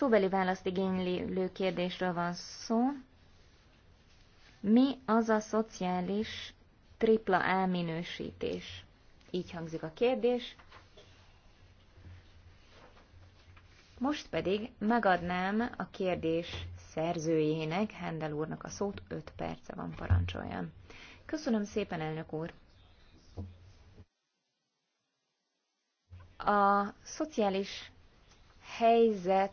Szóbeli választ igénylő kérdésről van szó. Mi az a szociális tripla A minősítés? Így hangzik a kérdés. Most pedig megadnám a kérdés szerzőjének, Hendel úrnak a szót, 5 perce van parancsoljon. Köszönöm szépen, elnök úr! A szociális helyzet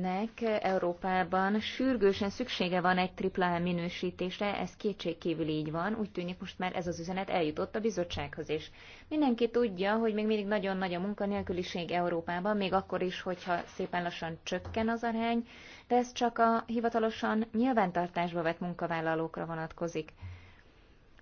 nek Európában sürgősen szüksége van egy AAA e minősítésre, ez kétségkívül így van, úgy tűnik most már ez az üzenet eljutott a bizottsághoz is. Mindenki tudja, hogy még mindig nagyon nagy a munkanélküliség Európában, még akkor is, hogyha szépen lassan csökken az arány, de ez csak a hivatalosan nyilvántartásba vett munkavállalókra vonatkozik.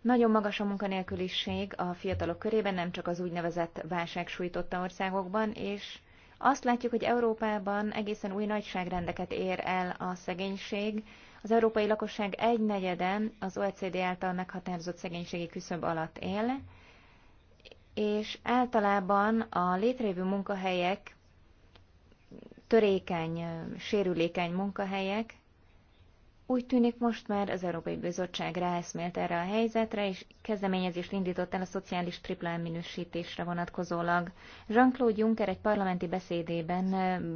Nagyon magas a munkanélküliség a fiatalok körében, nem csak az úgynevezett válság sújtotta országokban, és azt látjuk, hogy Európában egészen új nagyságrendeket ér el a szegénység. Az európai lakosság egy negyede az OECD által meghatározott szegénységi küszöb alatt él, és általában a létrejövő munkahelyek törékeny, sérülékeny munkahelyek úgy tűnik most már az Európai Bizottság ráeszmélt erre a helyzetre, és kezdeményezést indított el a szociális tripla minősítésre vonatkozólag. Jean-Claude Juncker egy parlamenti beszédében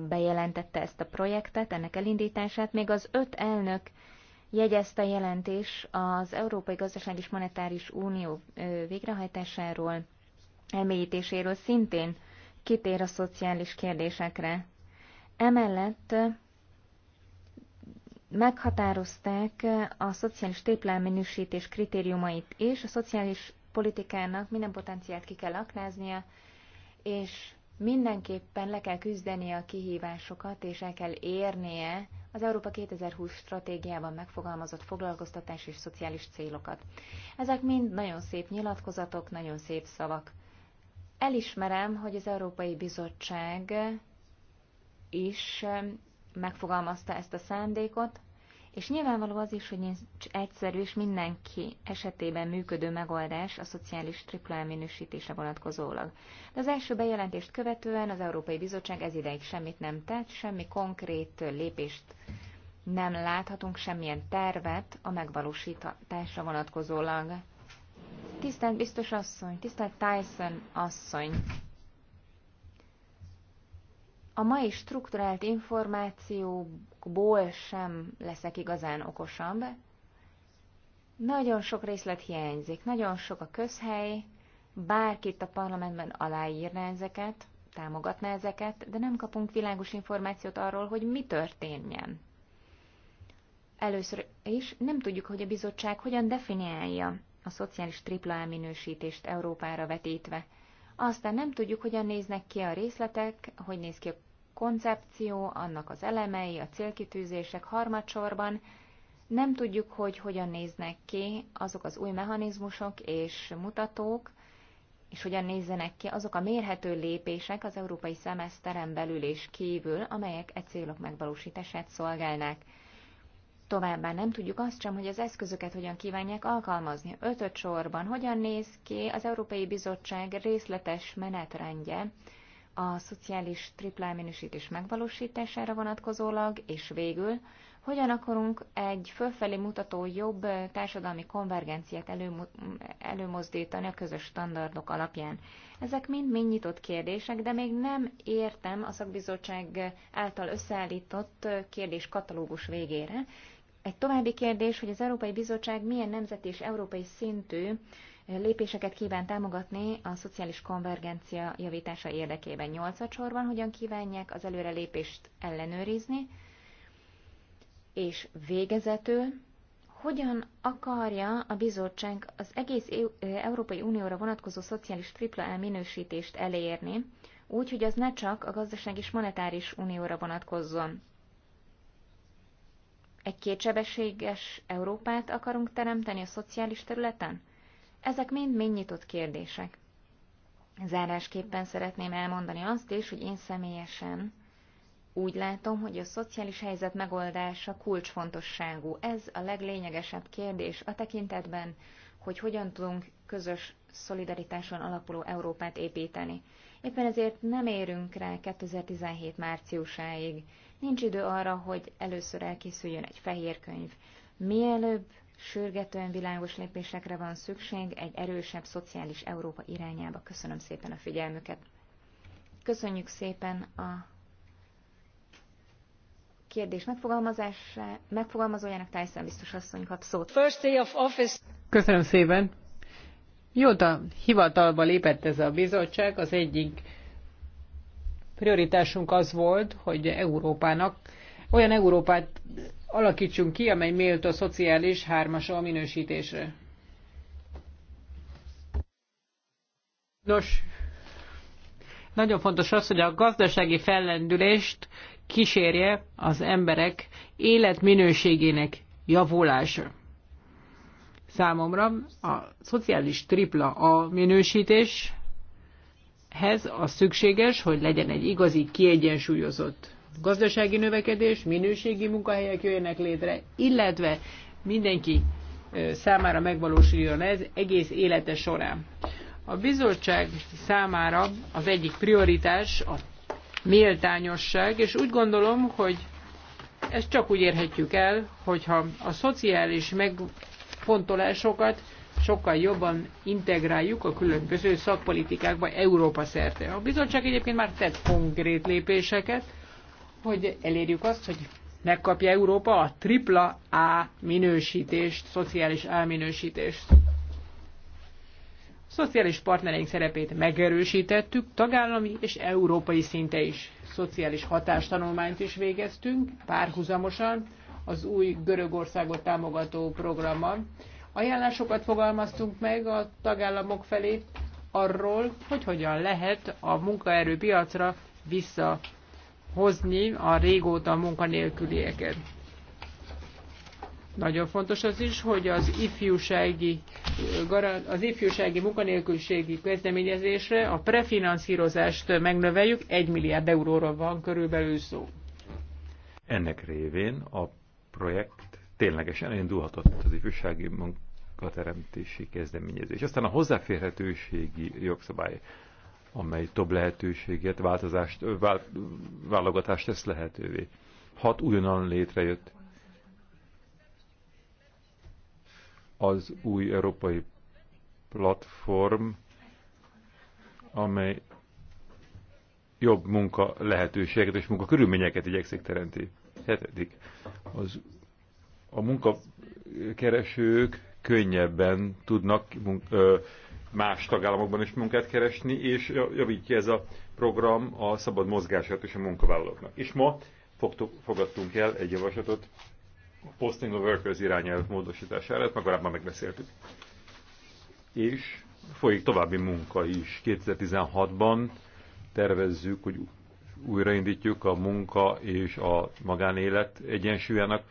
bejelentette ezt a projektet, ennek elindítását, még az öt elnök jegyezte a jelentés az Európai Gazdaság és Monetáris Unió végrehajtásáról, elmélyítéséről szintén kitér a szociális kérdésekre. Emellett meghatározták a szociális téplálminősítés kritériumait és a szociális politikának minden potenciált ki kell aknáznia, és mindenképpen le kell küzdenie a kihívásokat, és el kell érnie az Európa 2020 stratégiában megfogalmazott foglalkoztatás és szociális célokat. Ezek mind nagyon szép nyilatkozatok, nagyon szép szavak. Elismerem, hogy az Európai Bizottság is megfogalmazta ezt a szándékot, és nyilvánvaló az is, hogy nincs egyszerű és mindenki esetében működő megoldás a szociális tripla minősítése vonatkozólag. De az első bejelentést követően az Európai Bizottság ez ideig semmit nem tett, semmi konkrét lépést nem láthatunk, semmilyen tervet a megvalósításra vonatkozólag. Tisztelt biztos asszony, tisztelt Tyson asszony, a mai strukturált információkból sem leszek igazán okosabb. Nagyon sok részlet hiányzik, nagyon sok a közhely, bárkit a parlamentben aláírná ezeket, támogatná ezeket, de nem kapunk világos információt arról, hogy mi történjen. Először is nem tudjuk, hogy a bizottság hogyan definiálja a szociális tripla minősítést Európára vetítve – aztán nem tudjuk, hogyan néznek ki a részletek, hogy néz ki a koncepció, annak az elemei, a célkitűzések harmadsorban. Nem tudjuk, hogy hogyan néznek ki azok az új mechanizmusok és mutatók, és hogyan nézzenek ki azok a mérhető lépések az európai szemeszteren belül és kívül, amelyek e célok megvalósítását szolgálnák. Továbbá nem tudjuk azt sem, hogy az eszközöket hogyan kívánják alkalmazni. Ötöt sorban hogyan néz ki az Európai Bizottság részletes menetrendje a szociális triplá minősítés megvalósítására vonatkozólag, és végül hogyan akarunk egy fölfelé mutató jobb társadalmi konvergenciát előmo- előmozdítani a közös standardok alapján. Ezek mind-mind nyitott kérdések, de még nem értem a szakbizottság által összeállított kérdés katalógus végére, egy további kérdés, hogy az Európai Bizottság milyen nemzeti és európai szintű lépéseket kíván támogatni a szociális konvergencia javítása érdekében. sorban hogyan kívánják az előrelépést ellenőrizni, és végezetül hogyan akarja a bizottság az egész e Európai Unióra vonatkozó szociális tripla e minősítést elérni, úgy, hogy az ne csak a gazdaság és monetáris unióra vonatkozzon. Egy kétsebességes Európát akarunk teremteni a szociális területen? Ezek mind mind nyitott kérdések. Zárásképpen szeretném elmondani azt is, hogy én személyesen úgy látom, hogy a szociális helyzet megoldása kulcsfontosságú. Ez a leglényegesebb kérdés a tekintetben, hogy hogyan tudunk közös szolidaritáson alapuló Európát építeni. Éppen ezért nem érünk rá 2017 márciusáig. Nincs idő arra, hogy először elkészüljön egy fehér könyv. Mielőbb sürgetően világos lépésekre van szükség egy erősebb szociális Európa irányába. Köszönöm szépen a figyelmüket. Köszönjük szépen a kérdés megfogalmazójának Tyson biztos asszony kap szót. First day of office. Köszönöm szépen. Mióta hivatalba lépett ez a bizottság, az egyik prioritásunk az volt, hogy Európának olyan Európát alakítsunk ki, amely méltó a szociális hármas a minősítésre. Nos, nagyon fontos az, hogy a gazdasági fellendülést kísérje az emberek életminőségének javulása. Számomra a szociális tripla a minősítés, ehhez az szükséges, hogy legyen egy igazi, kiegyensúlyozott gazdasági növekedés, minőségi munkahelyek jöjjenek létre, illetve mindenki számára megvalósuljon ez egész élete során. A bizottság számára az egyik prioritás a méltányosság, és úgy gondolom, hogy ezt csak úgy érhetjük el, hogyha a szociális megfontolásokat sokkal jobban integráljuk a különböző szakpolitikákba Európa szerte. A bizottság egyébként már tett konkrét lépéseket, hogy elérjük azt, hogy megkapja Európa a tripla A minősítést, szociális A minősítést. szociális partnereink szerepét megerősítettük, tagállami és európai szinte is. Szociális hatástanulmányt is végeztünk párhuzamosan az új Görögországot támogató programmal. Ajánlásokat fogalmaztunk meg a tagállamok felé arról, hogy hogyan lehet a munkaerőpiacra visszahozni a régóta munkanélkülieket. Nagyon fontos az is, hogy az ifjúsági, az ifjúsági munkanélküliségi kezdeményezésre a prefinanszírozást megnöveljük, 1 milliárd euróról van körülbelül szó. Ennek révén a projekt ténylegesen elindulhatott az ifjúsági munkateremtési kezdeményezés. Aztán a hozzáférhetőségi jogszabály, amely több lehetőséget, változást, válogatást tesz lehetővé. Hat újonnan létrejött az új európai platform, amely jobb munka lehetőséget és munka körülményeket igyekszik teremteni. Hetedik. Az a munkakeresők könnyebben tudnak más tagállamokban is munkát keresni, és javítja ez a program a szabad mozgását és a munkavállalóknak. És ma fogtuk, fogadtunk el egy javaslatot a Posting of Workers irányelv módosítására, ezt már korábban megbeszéltük. És folyik további munka is. 2016-ban tervezzük, hogy újraindítjuk a munka és a magánélet egyensúlyának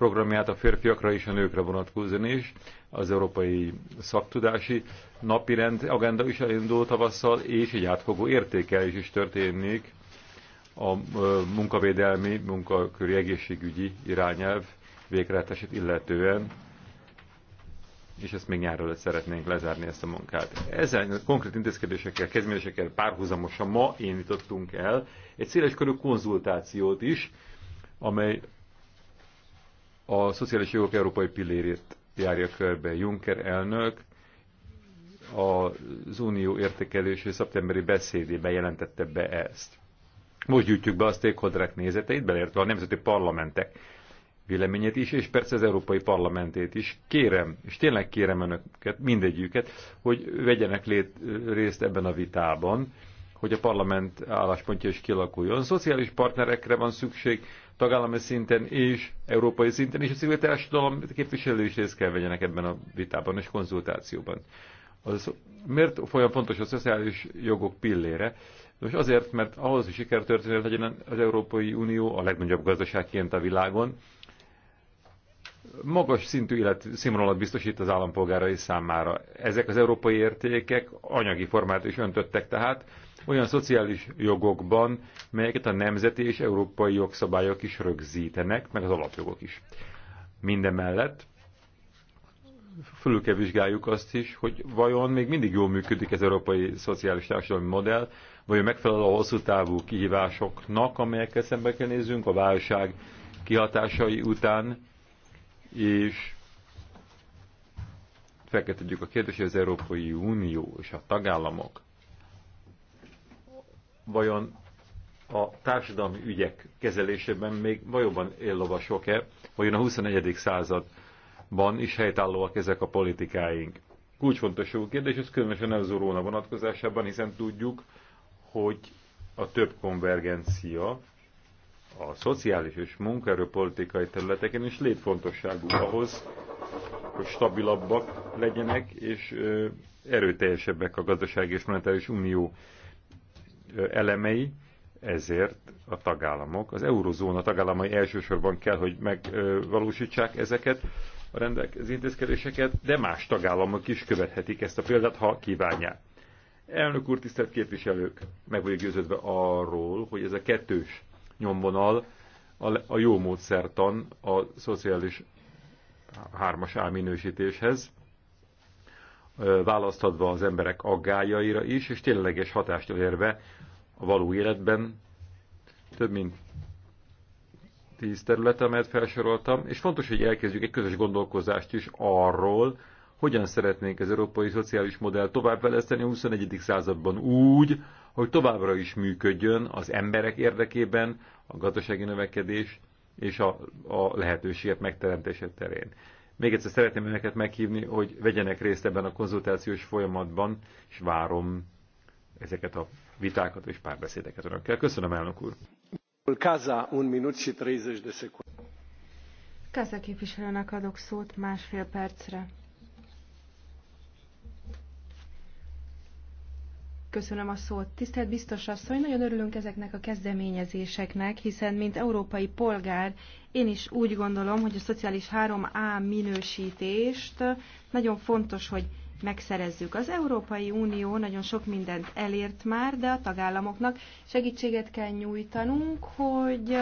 programját a férfiakra és a nőkre vonatkozóan is. Az Európai Szaktudási Napirend agenda is elindult tavasszal, és egy átfogó értékelés is történik a munkavédelmi, munkaköri egészségügyi irányelv végrehajtását illetően, és ezt még nyárra szeretnénk lezárni ezt a munkát. Ezen konkrét intézkedésekkel, kezdeményezésekkel párhuzamosan ma indítottunk el egy széleskörű konzultációt is, amely a szociális jogok európai pillérét járja körbe Juncker elnök, az unió értékelési szeptemberi beszédében jelentette be ezt. Most gyűjtjük be a stakeholderek nézeteit, beleértve a nemzeti parlamentek véleményét is, és persze az Európai Parlamentét is. Kérem, és tényleg kérem önöket, mindegyüket, hogy vegyenek lét, részt ebben a vitában, hogy a parlament álláspontja is kilakuljon. Szociális partnerekre van szükség, tagállami szinten és európai szinten, és a civil társadalom képviselő is részt kell vegyenek ebben a vitában és konzultációban. Az, miért olyan fontos a szociális jogok pillére? Most azért, mert ahhoz, hogy történet legyen az Európai Unió a legnagyobb gazdaságként a világon, magas szintű életszínvonalat biztosít az állampolgárai számára. Ezek az európai értékek anyagi formát is öntöttek tehát, olyan szociális jogokban, melyeket a nemzeti és európai jogszabályok is rögzítenek, meg az alapjogok is. Mindemellett fölül kell vizsgáljuk azt is, hogy vajon még mindig jól működik az európai szociális társadalmi modell, vagy megfelel a hosszú távú kihívásoknak, amelyekkel szembe kell nézzünk a válság kihatásai után, és felkeltetjük a kérdést, hogy az Európai Unió és a tagállamok vajon a társadalmi ügyek kezelésében még valóban éllovasok-e, vajon a 21. században is helytállóak ezek a politikáink. Kulcsfontosú kérdés, ez különösen az euróna vonatkozásában, hiszen tudjuk, hogy a több konvergencia a szociális és munkaerőpolitikai területeken is létfontosságú ahhoz, hogy stabilabbak legyenek és erőteljesebbek a gazdasági és monetáris unió elemei, ezért a tagállamok, az eurozóna tagállamai elsősorban kell, hogy megvalósítsák ezeket a az intézkedéseket, de más tagállamok is követhetik ezt a példát, ha kívánják. Elnök úr, tisztelt képviselők, meg vagyok győződve arról, hogy ez a kettős nyomvonal a jó módszertan a szociális hármas álminősítéshez, választatva az emberek aggájaira is, és tényleges hatást érve a való életben több mint tíz terület, amelyet felsoroltam, és fontos, hogy elkezdjük egy közös gondolkozást is arról, hogyan szeretnénk az európai szociális modell továbbfejleszteni a XXI. században úgy, hogy továbbra is működjön az emberek érdekében a gazdasági növekedés és a, a lehetőségek megteremtése terén. Még egyszer szeretném önöket meghívni, hogy vegyenek részt ebben a konzultációs folyamatban, és várom ezeket a vitákat és párbeszédeket önökkel. Köszönöm, elnök úr! Kaza, un minut și 30 de secunde. Kaza képviselőnek adok szót másfél percre. Köszönöm a szót. Tisztelt biztos asszony, nagyon örülünk ezeknek a kezdeményezéseknek, hiszen mint európai polgár én is úgy gondolom, hogy a szociális 3A minősítést nagyon fontos, hogy megszerezzük. Az Európai Unió nagyon sok mindent elért már, de a tagállamoknak segítséget kell nyújtanunk, hogy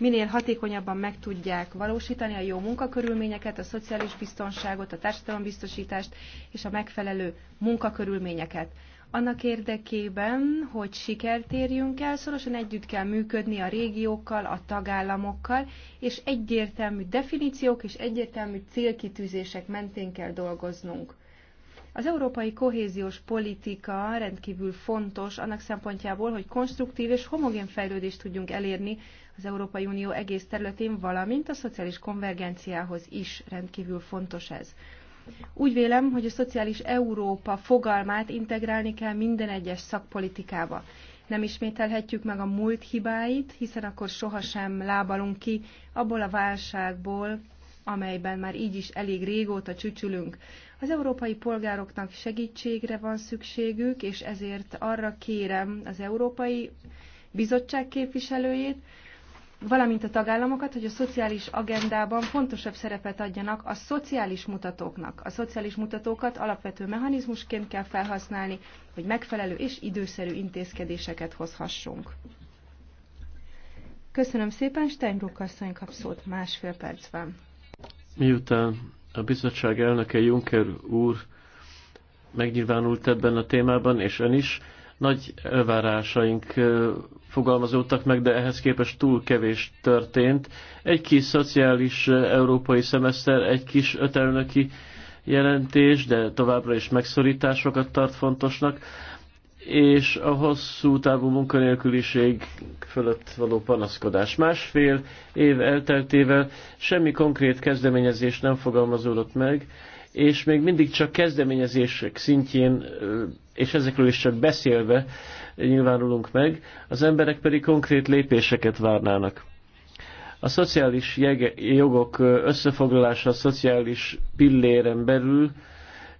minél hatékonyabban meg tudják valósítani a jó munkakörülményeket, a szociális biztonságot, a társadalombiztosítást és a megfelelő munkakörülményeket. Annak érdekében, hogy sikert érjünk el, szorosan együtt kell működni a régiókkal, a tagállamokkal, és egyértelmű definíciók és egyértelmű célkitűzések mentén kell dolgoznunk. Az európai kohéziós politika rendkívül fontos annak szempontjából, hogy konstruktív és homogén fejlődést tudjunk elérni az Európai Unió egész területén, valamint a szociális konvergenciához is rendkívül fontos ez. Úgy vélem, hogy a szociális Európa fogalmát integrálni kell minden egyes szakpolitikába. Nem ismételhetjük meg a múlt hibáit, hiszen akkor sohasem lábalunk ki abból a válságból, amelyben már így is elég régóta csücsülünk. Az európai polgároknak segítségre van szükségük, és ezért arra kérem az Európai Bizottság képviselőjét, valamint a tagállamokat, hogy a szociális agendában fontosabb szerepet adjanak a szociális mutatóknak. A szociális mutatókat alapvető mechanizmusként kell felhasználni, hogy megfelelő és időszerű intézkedéseket hozhassunk. Köszönöm szépen, Steinbrück asszony kap szót másfél percben. Miután a bizottság elnöke Juncker úr megnyilvánult ebben a témában, és ön is, nagy elvárásaink fogalmazódtak meg, de ehhez képest túl kevés történt. Egy kis szociális európai szemeszter, egy kis ötelnöki jelentés, de továbbra is megszorításokat tart fontosnak, és a hosszú távú munkanélküliség fölött való panaszkodás. Másfél év elteltével semmi konkrét kezdeményezés nem fogalmazódott meg, és még mindig csak kezdeményezések szintjén és ezekről is csak beszélve nyilvánulunk meg, az emberek pedig konkrét lépéseket várnának. A szociális jogok összefoglalása a szociális pilléren belül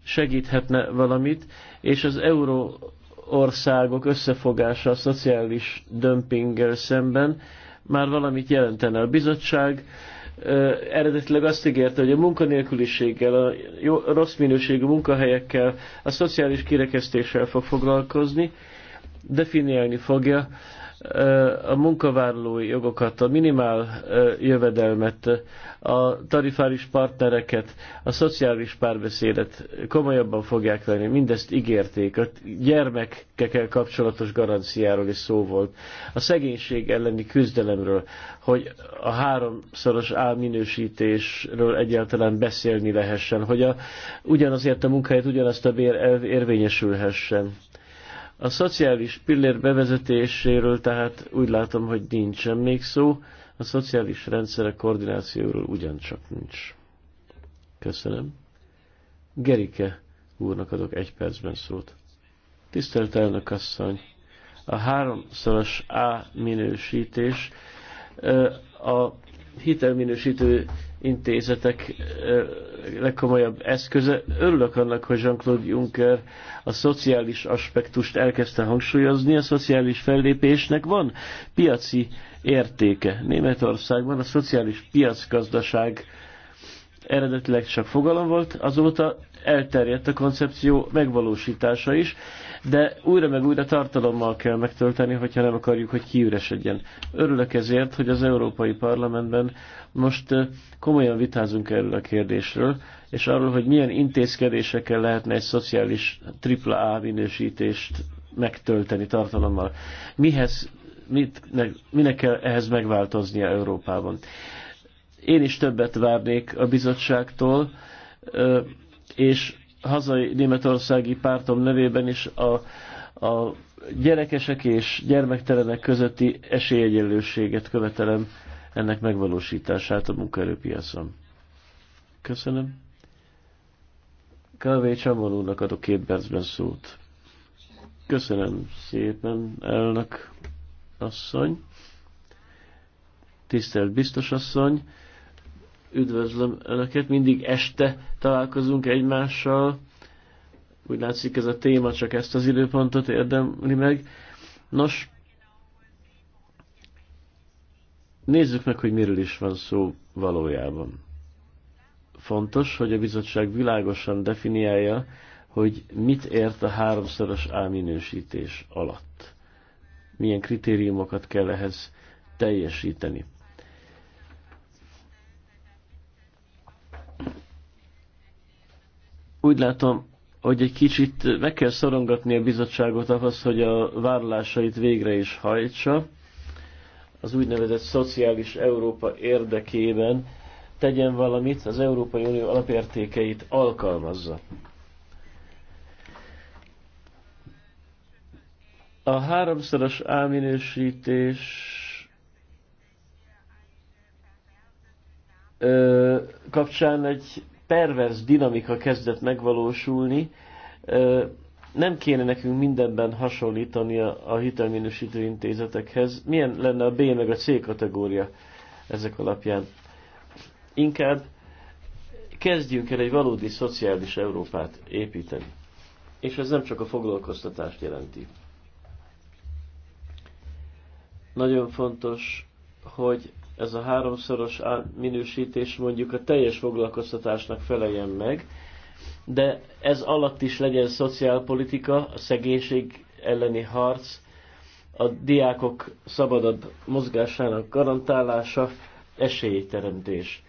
segíthetne valamit, és az euró országok összefogása a szociális dömpinggel szemben már valamit jelentene. A bizottság eredetileg azt ígérte, hogy a munkanélküliséggel, a jó, rossz minőségű munkahelyekkel, a szociális kirekesztéssel fog foglalkozni, definiálni fogja a munkavállalói jogokat, a minimál jövedelmet, a tarifális partnereket, a szociális párbeszédet komolyabban fogják venni. Mindezt ígérték. A gyermekekkel kapcsolatos garanciáról is szó volt. A szegénység elleni küzdelemről, hogy a háromszoros álminősítésről egyáltalán beszélni lehessen, hogy a, ugyanazért a munkáját ugyanazt a bér érvényesülhessen a szociális pillér bevezetéséről tehát úgy látom, hogy nincsen még szó, a szociális rendszerek koordinációról ugyancsak nincs. Köszönöm. Gerike úrnak adok egy percben szót. Tisztelt elnök asszony! A háromszoros A minősítés a hitelminősítő intézetek legkomolyabb eszköze. Örülök annak, hogy Jean-Claude Juncker a szociális aspektust elkezdte hangsúlyozni. A szociális fellépésnek van piaci értéke. Németországban a szociális piacgazdaság eredetileg csak fogalom volt, azóta elterjedt a koncepció megvalósítása is, de újra meg újra tartalommal kell megtölteni, hogyha nem akarjuk, hogy kiüresedjen. Örülök ezért, hogy az Európai Parlamentben most komolyan vitázunk erről a kérdésről, és arról, hogy milyen intézkedésekkel lehetne egy szociális AAA minősítést megtölteni tartalommal. Mihez, mit, minek kell ehhez megváltoznia Európában. Én is többet várnék a bizottságtól, és hazai németországi pártom nevében is a, a gyerekesek és gyermektelenek közötti esélyegyenlőséget követelem ennek megvalósítását a munkaerőpiacon. Köszönöm. Kávé Csamalónak adok két percben szót. Köszönöm szépen, elnök asszony. Tisztelt biztos asszony üdvözlöm Önöket, mindig este találkozunk egymással, úgy látszik ez a téma, csak ezt az időpontot érdemli meg. Nos, nézzük meg, hogy miről is van szó valójában. Fontos, hogy a bizottság világosan definiálja, hogy mit ért a háromszoros áminősítés alatt. Milyen kritériumokat kell ehhez teljesíteni. Úgy látom, hogy egy kicsit meg kell szorongatni a bizottságot ahhoz, hogy a vállalásait végre is hajtsa. Az úgynevezett szociális Európa érdekében tegyen valamit, az Európai Unió alapértékeit alkalmazza. A háromszoros áminősítés kapcsán egy pervers dinamika kezdett megvalósulni. Nem kéne nekünk mindenben hasonlítani a hitelminősítő intézetekhez. Milyen lenne a B meg a C kategória ezek alapján? Inkább kezdjünk el egy valódi szociális Európát építeni. És ez nem csak a foglalkoztatást jelenti. Nagyon fontos, hogy ez a háromszoros minősítés mondjuk a teljes foglalkoztatásnak feleljen meg, de ez alatt is legyen szociálpolitika, a szegénység elleni harc, a diákok szabadabb mozgásának garantálása, esélyteremtés.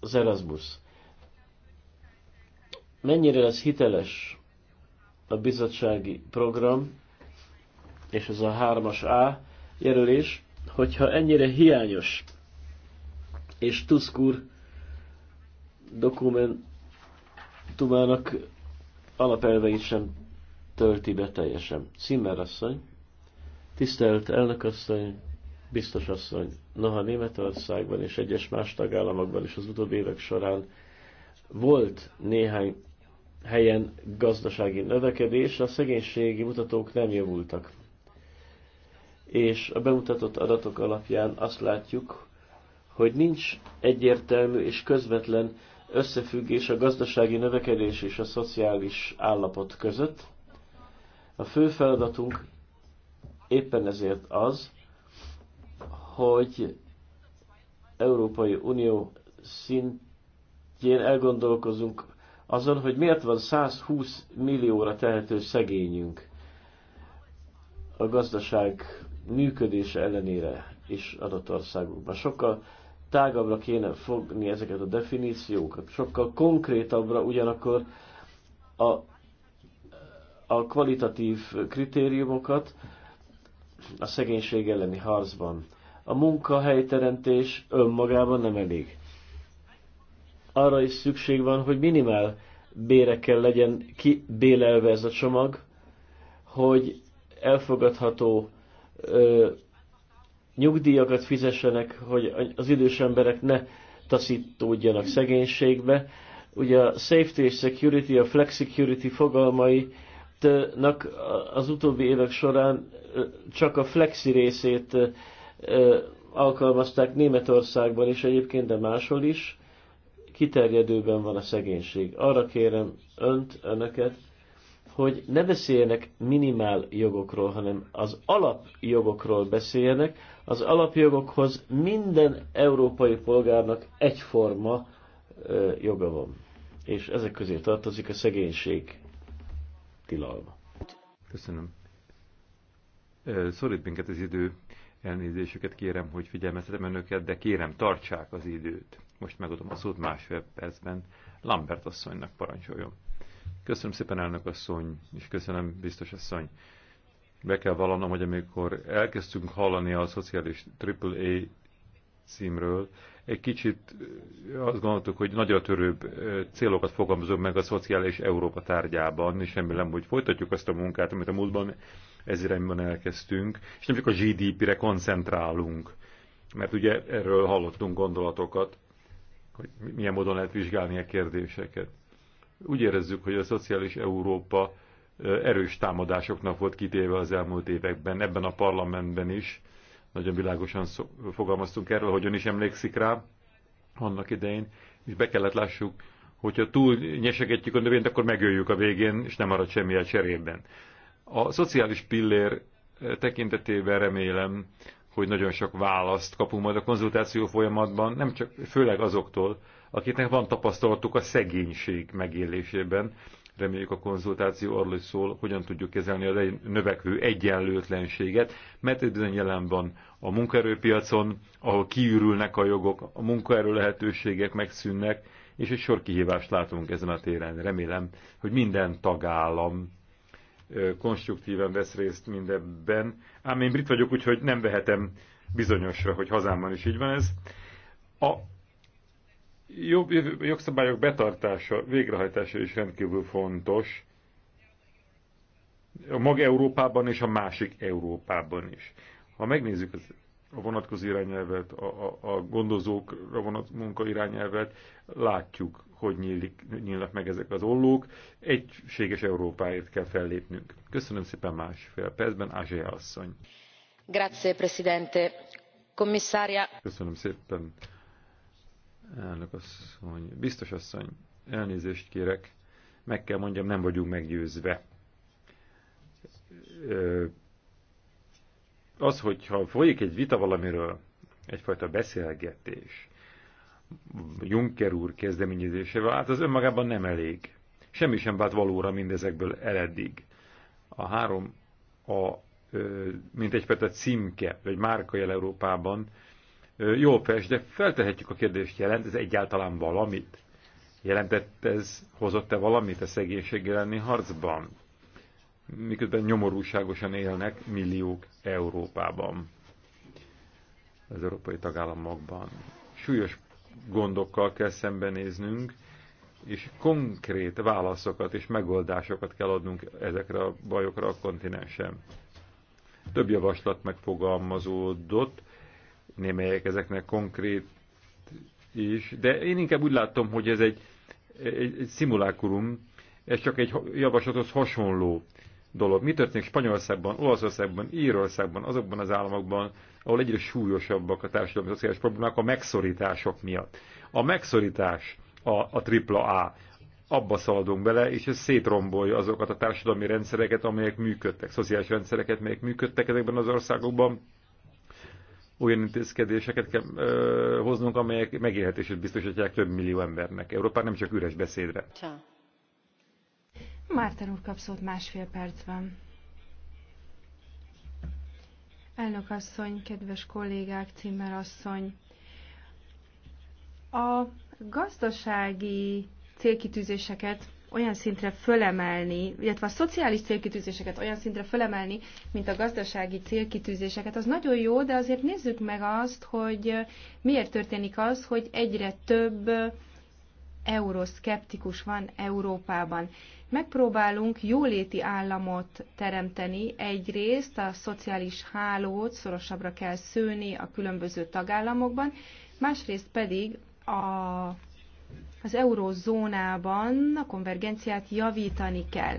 Az Erasmus. Mennyire lesz hiteles a bizottsági program, és ez a 3-as A, jelölés, hogyha ennyire hiányos, és Tusk dokumentumának alapelveit sem tölti be teljesen. Szimmer asszony, tisztelt elnökasszony, biztos asszony, noha Németországban és egyes más tagállamokban is az utóbbi évek során volt néhány helyen gazdasági növekedés, a szegénységi mutatók nem javultak és a bemutatott adatok alapján azt látjuk, hogy nincs egyértelmű és közvetlen összefüggés a gazdasági növekedés és a szociális állapot között. A fő feladatunk éppen ezért az, hogy Európai Unió szintjén elgondolkozunk azon, hogy miért van 120 millióra tehető szegényünk a gazdaság működése ellenére is adott országokban. Sokkal tágabbra kéne fogni ezeket a definíciókat, sokkal konkrétabbra ugyanakkor a, a kvalitatív kritériumokat a szegénység elleni harcban. A munkahelyteremtés önmagában nem elég. Arra is szükség van, hogy minimál bérekkel legyen kibélelve ez a csomag, hogy elfogadható ö, nyugdíjakat fizessenek, hogy az idős emberek ne taszítódjanak szegénységbe. Ugye a safety és security, a flex security fogalmai az utóbbi évek során csak a flexi részét alkalmazták Németországban is egyébként, de máshol is. Kiterjedőben van a szegénység. Arra kérem önt, önöket, hogy ne beszéljenek minimál jogokról, hanem az alapjogokról beszéljenek. Az alapjogokhoz minden európai polgárnak egyforma joga van. És ezek közé tartozik a szegénység tilalma. Köszönöm. Szorít minket az idő, elnézésüket kérem, hogy figyelmeztetem önöket, de kérem, tartsák az időt. Most megadom a szót másfél percben. Lambert asszonynak parancsoljon. Köszönöm szépen, elnök asszony, és köszönöm, biztos asszony. Be kell vallanom, hogy amikor elkezdtünk hallani a szociális AAA címről, egy kicsit azt gondoltuk, hogy nagyra törőbb célokat fogalmazunk meg a szociális Európa tárgyában, és remélem, hogy folytatjuk azt a munkát, amit a múltban ez irányban elkezdtünk, és nem csak a GDP-re koncentrálunk, mert ugye erről hallottunk gondolatokat, hogy milyen módon lehet vizsgálni a kérdéseket. Úgy érezzük, hogy a szociális Európa erős támadásoknak volt kitéve az elmúlt években, ebben a parlamentben is. Nagyon világosan szó, fogalmaztunk erről, hogy ön is emlékszik rá annak idején, és be kellett lássuk, hogyha túl nyesegetjük a növényt, akkor megöljük a végén, és nem marad semmi a cserében. A szociális pillér tekintetében remélem, hogy nagyon sok választ kapunk majd a konzultáció folyamatban, nem csak, főleg azoktól, akiknek van tapasztalatuk a szegénység megélésében. Reméljük a konzultáció arról is szól, hogyan tudjuk kezelni a növekvő egyenlőtlenséget, mert ez bizony jelen van a munkaerőpiacon, ahol kiürülnek a jogok, a munkaerő lehetőségek megszűnnek, és egy sor kihívást látunk ezen a téren. Remélem, hogy minden tagállam konstruktíven vesz részt mindebben. Ám én brit vagyok, úgyhogy nem vehetem bizonyosra, hogy hazámban is így van ez. A jobb, jogszabályok betartása, végrehajtása is rendkívül fontos. A mag Európában és a másik Európában is. Ha megnézzük az, a vonatkozó irányelvet, a, a, a gondozókra vonat munka irányelvet, látjuk, hogy nyílik, nyílnak meg ezek az ollók. Egységes Európáért kell fellépnünk. Köszönöm szépen másfél percben, Ázsia asszony. Grazie, Presidente. Commissaria. Köszönöm szépen Elnök asszony, biztos asszony, elnézést kérek, meg kell mondjam, nem vagyunk meggyőzve. Az, hogyha folyik egy vita valamiről, egyfajta beszélgetés, Juncker úr kezdeményezésével, hát az önmagában nem elég. Semmi sem vált valóra mindezekből eleddig. A három, a, mint egyfajta címke, vagy márkajel Európában jó, persze, de feltehetjük a kérdést, jelent ez egyáltalán valamit? Jelentett ez, hozott-e valamit a szegénység elleni harcban? Miközben nyomorúságosan élnek milliók Európában, az európai tagállamokban. Súlyos gondokkal kell szembenéznünk, és konkrét válaszokat és megoldásokat kell adnunk ezekre a bajokra a kontinensen. Több javaslat megfogalmazódott, némelyek ezeknek konkrét is, de én inkább úgy látom, hogy ez egy, egy, egy szimulákurum, ez csak egy javaslathoz hasonló dolog. Mi történik Spanyolországban, Olaszországban, Írországban, azokban az államokban, ahol egyre súlyosabbak a társadalmi szociális problémák a megszorítások miatt. A megszorítás a, a tripla A. Abba szaladunk bele, és ez szétrombolja azokat a társadalmi rendszereket, amelyek működtek, szociális rendszereket, amelyek működtek ezekben az országokban, olyan intézkedéseket kell ö, hoznunk, amelyek megélhetését biztosítják több millió embernek. Európán nem csak üres beszédre. Csá. Márten úr kap szót másfél percben. Elnök asszony, kedves kollégák, címer asszony. A gazdasági célkitűzéseket olyan szintre fölemelni, illetve a szociális célkitűzéseket olyan szintre fölemelni, mint a gazdasági célkitűzéseket, az nagyon jó, de azért nézzük meg azt, hogy miért történik az, hogy egyre több euroszkeptikus van Európában. Megpróbálunk jóléti államot teremteni. Egyrészt a szociális hálót szorosabbra kell szőni a különböző tagállamokban, másrészt pedig a az eurózónában a konvergenciát javítani kell.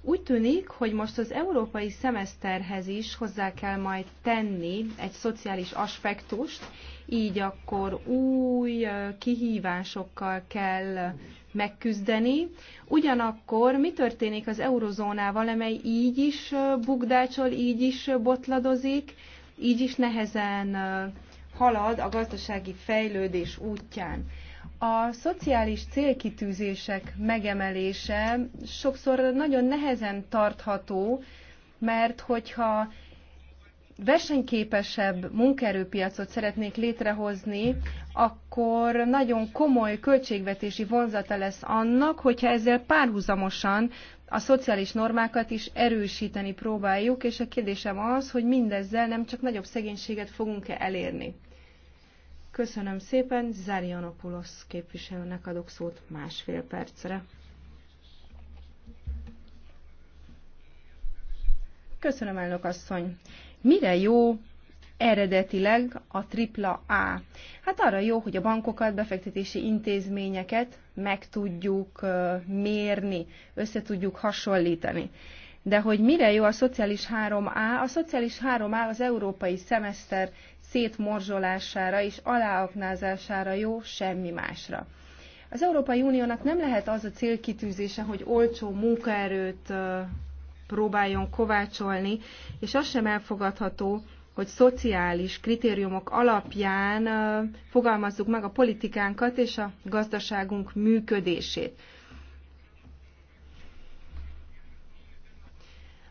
Úgy tűnik, hogy most az európai szemeszterhez is hozzá kell majd tenni egy szociális aspektust, így akkor új kihívásokkal kell megküzdeni. Ugyanakkor mi történik az eurozónával, amely így is bukdácsol, így is botladozik, így is nehezen halad a gazdasági fejlődés útján. A szociális célkitűzések megemelése sokszor nagyon nehezen tartható, mert hogyha versenyképesebb munkaerőpiacot szeretnék létrehozni, akkor nagyon komoly költségvetési vonzata lesz annak, hogyha ezzel párhuzamosan a szociális normákat is erősíteni próbáljuk, és a kérdésem az, hogy mindezzel nem csak nagyobb szegénységet fogunk-e elérni. Köszönöm szépen, Zárjanopulos képviselőnek adok szót másfél percre. Köszönöm, elnök asszony. Mire jó eredetileg a tripla A? Hát arra jó, hogy a bankokat, befektetési intézményeket meg tudjuk mérni, össze tudjuk hasonlítani. De hogy mire jó a szociális 3A? A szociális 3A az európai szemeszter szétmorzsolására és aláaknázására jó, semmi másra. Az Európai Uniónak nem lehet az a célkitűzése, hogy olcsó munkaerőt próbáljon kovácsolni, és az sem elfogadható, hogy szociális kritériumok alapján fogalmazzuk meg a politikánkat és a gazdaságunk működését.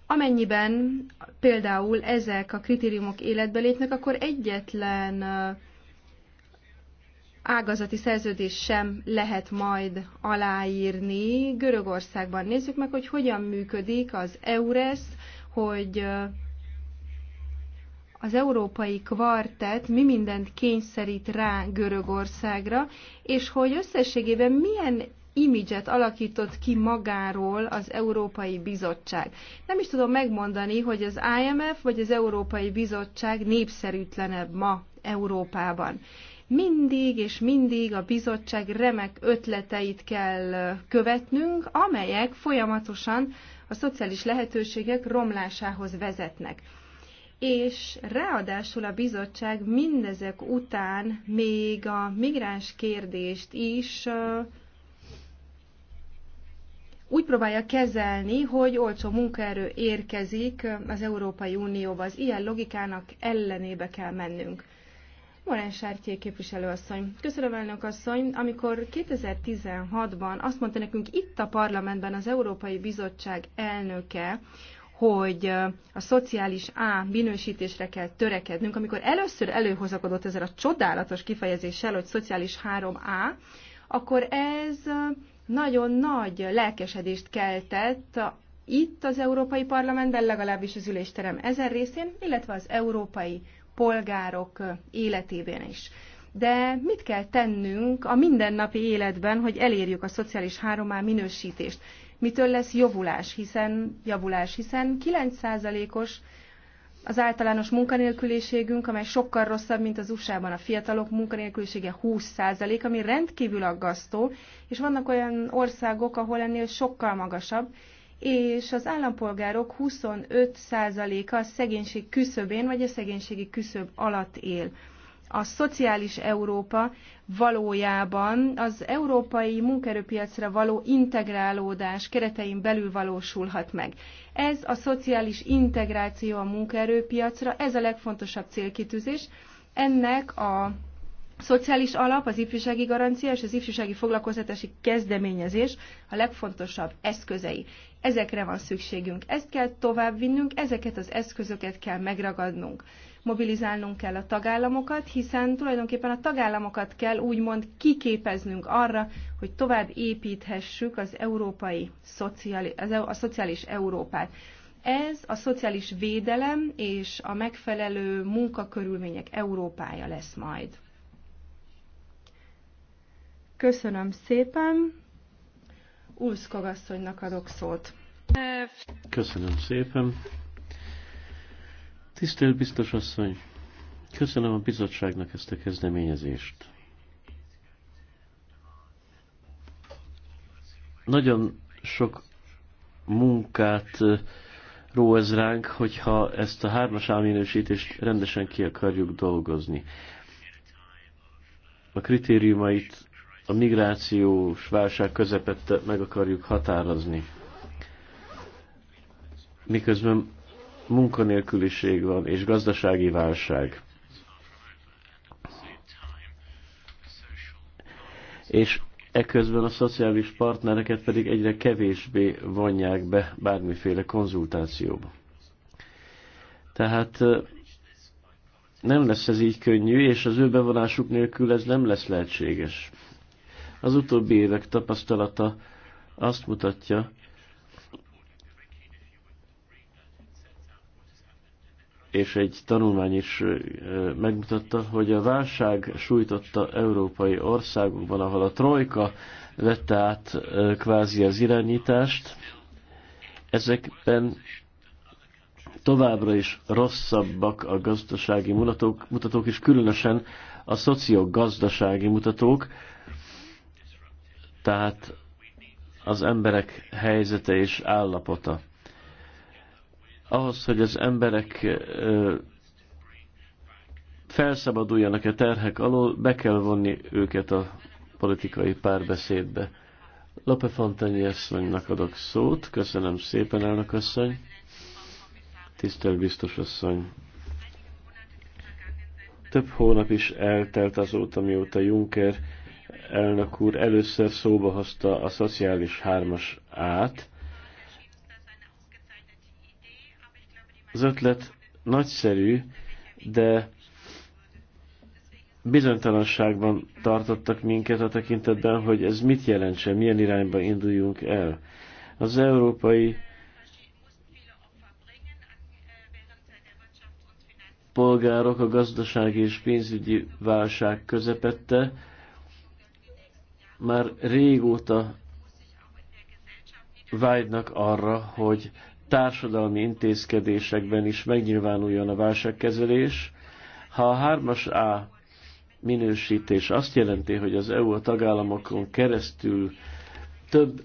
Amennyiben például ezek a kritériumok életbe lépnek, akkor egyetlen ágazati szerződés sem lehet majd aláírni. Görögországban nézzük meg, hogy hogyan működik az EURES, hogy az európai kvartet mi mindent kényszerít rá Görögországra, és hogy összességében milyen imidzset alakított ki magáról az Európai Bizottság. Nem is tudom megmondani, hogy az IMF vagy az Európai Bizottság népszerűtlenebb ma Európában mindig és mindig a bizottság remek ötleteit kell követnünk, amelyek folyamatosan a szociális lehetőségek romlásához vezetnek. És ráadásul a bizottság mindezek után még a migráns kérdést is úgy próbálja kezelni, hogy olcsó munkaerő érkezik az Európai Unióba. Az ilyen logikának ellenébe kell mennünk. Morán Sártyé képviselőasszony. Köszönöm, elnök asszony. Amikor 2016-ban azt mondta nekünk itt a parlamentben az Európai Bizottság elnöke, hogy a szociális A minősítésre kell törekednünk, amikor először előhozakodott ezzel a csodálatos kifejezéssel, hogy szociális 3A, akkor ez nagyon nagy lelkesedést keltett itt az Európai Parlamentben, legalábbis az ülésterem ezen részén, illetve az európai polgárok életében is. De mit kell tennünk a mindennapi életben, hogy elérjük a szociális háromá minősítést? Mitől lesz javulás, hiszen, javulás, hiszen 9%-os az általános munkanélküliségünk, amely sokkal rosszabb, mint az USA-ban a fiatalok munkanélkülisége 20%, ami rendkívül aggasztó, és vannak olyan országok, ahol ennél sokkal magasabb, és az állampolgárok 25%-a a szegénység küszöbén vagy a szegénységi küszöb alatt él a szociális Európa valójában az európai munkerőpiacra való integrálódás keretein belül valósulhat meg. Ez a szociális integráció a munkaerőpiacra, ez a legfontosabb célkitűzés. Ennek a szociális alap, az ifjúsági garancia és az ifjúsági foglalkoztatási kezdeményezés a legfontosabb eszközei. Ezekre van szükségünk. Ezt kell továbbvinnünk, ezeket az eszközöket kell megragadnunk mobilizálnunk kell a tagállamokat, hiszen tulajdonképpen a tagállamokat kell úgymond kiképeznünk arra, hogy tovább építhessük az európai szociális, e, a szociális Európát. Ez a szociális védelem és a megfelelő munkakörülmények Európája lesz majd. Köszönöm szépen. Ulszkogasszonynak adok szót. Köszönöm szépen. Tisztelt biztos asszony, köszönöm a bizottságnak ezt a kezdeményezést. Nagyon sok munkát ró ez ránk, hogyha ezt a hármas álminősítést rendesen ki akarjuk dolgozni. A kritériumait a migrációs válság közepette meg akarjuk határozni. Miközben munkanélküliség van és gazdasági válság. És ekközben a szociális partnereket pedig egyre kevésbé vonják be bármiféle konzultációba. Tehát nem lesz ez így könnyű, és az ő bevonásuk nélkül ez nem lesz lehetséges. Az utóbbi évek tapasztalata azt mutatja, és egy tanulmány is megmutatta, hogy a válság sújtotta európai országokban, ahol a trojka vette át kvázi az irányítást, ezekben továbbra is rosszabbak a gazdasági mutatók, mutatók és különösen a szociogazdasági mutatók, tehát az emberek helyzete és állapota ahhoz, hogy az emberek felszabaduljanak a terhek alól, be kell vonni őket a politikai párbeszédbe. Lope Fontanyi asszonynak adok szót. Köszönöm szépen, elnök asszony. Tisztelt biztos asszony. Több hónap is eltelt azóta, mióta Juncker elnök úr először szóba hozta a szociális hármas át, az ötlet nagyszerű, de bizonytalanságban tartottak minket a tekintetben, hogy ez mit jelentse, milyen irányba induljunk el. Az európai polgárok a gazdasági és pénzügyi válság közepette már régóta vágynak arra, hogy társadalmi intézkedésekben is megnyilvánuljon a válságkezelés. Ha a 3 A minősítés azt jelenti, hogy az EU a tagállamokon keresztül több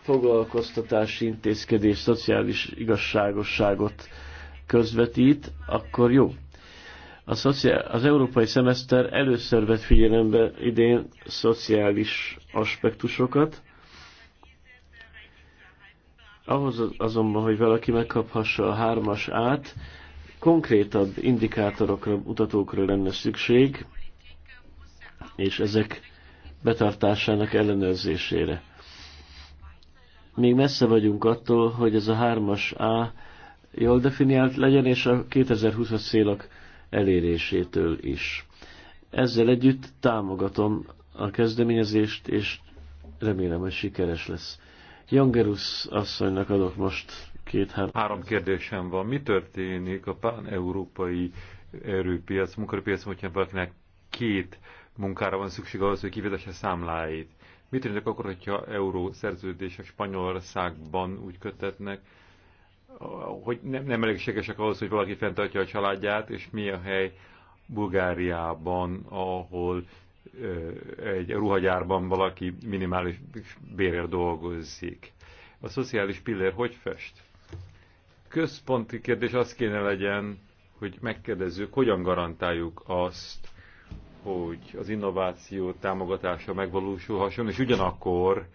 foglalkoztatási intézkedés, szociális igazságosságot közvetít, akkor jó. A szociál, az európai szemeszter először vett figyelembe idén szociális aspektusokat, ahhoz azonban, hogy valaki megkaphassa a hármas át, konkrétabb indikátorokra, mutatókra lenne szükség, és ezek betartásának ellenőrzésére. Még messze vagyunk attól, hogy ez a hármas A jól definiált legyen, és a 2020-as célok elérésétől is. Ezzel együtt támogatom a kezdeményezést, és remélem, hogy sikeres lesz. Jongerus asszonynak adok most két-három. Három kérdésem van. Mi történik a pán-európai erőpiac, munkaerőpiac, hogyha valakinek két munkára van szükség ahhoz, hogy kivédesse számláit? Mi történik akkor, hogyha euró szerződések Spanyolországban úgy kötetnek, hogy nem, nem elégségesek ahhoz, hogy valaki fenntartja a családját, és mi a hely Bulgáriában, ahol egy ruhagyárban valaki minimális bérért dolgozik. A szociális pillér hogy fest? Központi kérdés az kéne legyen, hogy megkérdezzük, hogyan garantáljuk azt, hogy az innováció támogatása megvalósulhasson, és ugyanakkor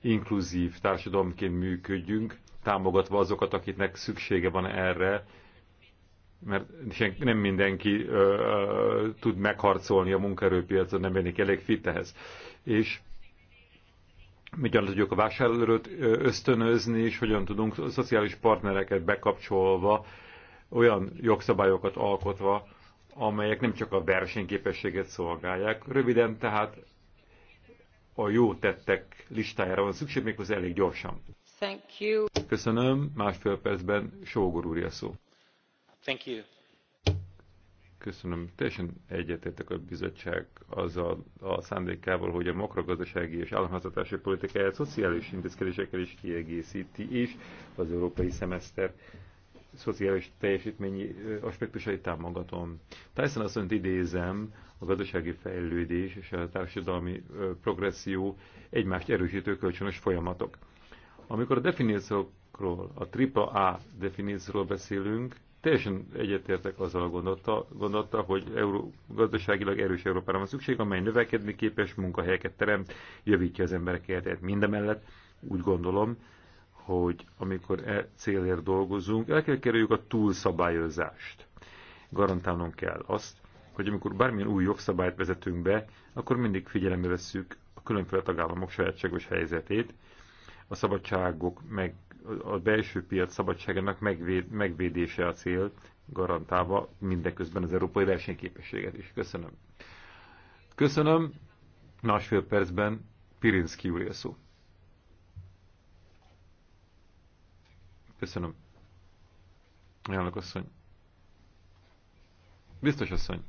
inkluzív társadalomként működjünk, támogatva azokat, akiknek szüksége van erre, mert nem mindenki ö, ö, tud megharcolni a munkaerőpiacon, nem mindenki elég fit ehhez. És hogyan tudjuk a vásárlőt ösztönözni, és hogyan tudunk a szociális partnereket bekapcsolva, olyan jogszabályokat alkotva, amelyek nem csak a versenyképességet szolgálják. Röviden tehát a jó tettek listájára van szükség, méghozzá elég gyorsan. Thank you. Köszönöm, másfél percben Sógor úr szó. Thank you. Köszönöm. Teljesen egyetértek a bizottság az a, a szándékával, hogy a makrogazdasági és államháztartási politikáját szociális intézkedésekkel is kiegészíti, és az európai szemeszter szociális teljesítményi aspektusait támogatom. Tyson asszonyt idézem, a gazdasági fejlődés és a társadalmi progresszió egymást erősítő kölcsönös folyamatok. Amikor a definíciókról, a AAA definícióról beszélünk, Teljesen egyetértek azzal a gondolta, gondolta hogy euró, gazdaságilag erős Európára van szükség, amely növekedni képes, munkahelyeket teremt, javítja az emberek életét. Mindemellett úgy gondolom, hogy amikor e célért dolgozunk, el kell kerüljük a túlszabályozást. Garantálnunk kell azt, hogy amikor bármilyen új jogszabályt vezetünk be, akkor mindig figyelembe vesszük a különféle tagállamok sajátságos helyzetét, a szabadságok meg a belső piac szabadságának megvéd, megvédése a cél, garantálva mindeközben az európai versenyképességet is. Köszönöm. Köszönöm. Másfél percben Pirinszki úr szó. Köszönöm. Elnök asszony. Biztos asszony.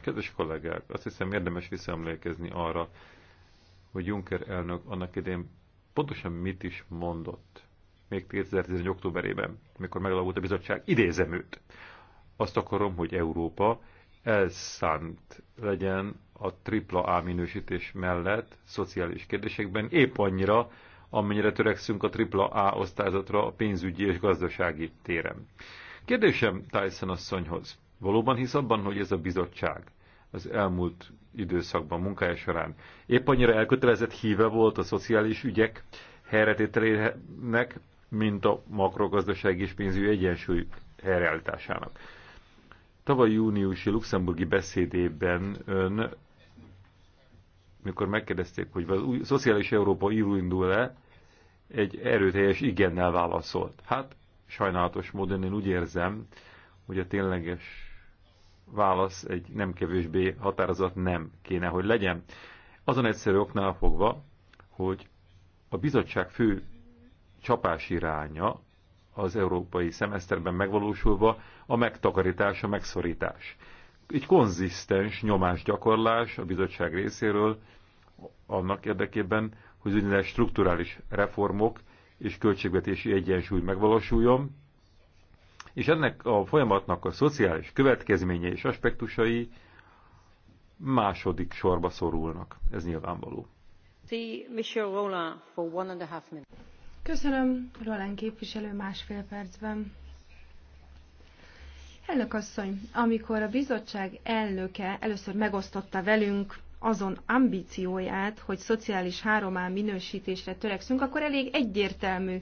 Kedves kollégák, azt hiszem érdemes visszaemlékezni arra, hogy Juncker elnök annak idején pontosan mit is mondott még 2011. októberében, mikor megalakult a bizottság, idézem őt. Azt akarom, hogy Európa elszánt legyen a tripla A minősítés mellett szociális kérdésekben épp annyira, amennyire törekszünk a tripla A osztályzatra a pénzügyi és gazdasági téren. Kérdésem Tyson asszonyhoz. Valóban hisz abban, hogy ez a bizottság az elmúlt időszakban, munkája során épp annyira elkötelezett híve volt a szociális ügyek helyretételének, mint a makrogazdaság és pénzügyi egyensúly helyreállításának. Tavaly júniusi luxemburgi beszédében ön, mikor megkérdezték, hogy az új szociális Európa indul-e, egy erőteljes igennel válaszolt. Hát sajnálatos módon én úgy érzem, hogy a tényleges válasz egy nem kevésbé határozat nem kéne, hogy legyen. Azon egyszerű oknál fogva, hogy a bizottság fő csapás iránya az európai szemeszterben megvalósulva a megtakarítás, a megszorítás. Egy konzisztens nyomásgyakorlás a bizottság részéről annak érdekében, hogy az úgynevezett strukturális reformok és költségvetési egyensúly megvalósuljon, és ennek a folyamatnak a szociális következménye és aspektusai második sorba szorulnak. Ez nyilvánvaló. See, Roland for one and a half minutes. Köszönöm, Roland képviselő másfél percben. Elnök asszony, amikor a bizottság elnöke először megosztotta velünk azon ambícióját, hogy szociális háromá minősítésre törekszünk, akkor elég egyértelmű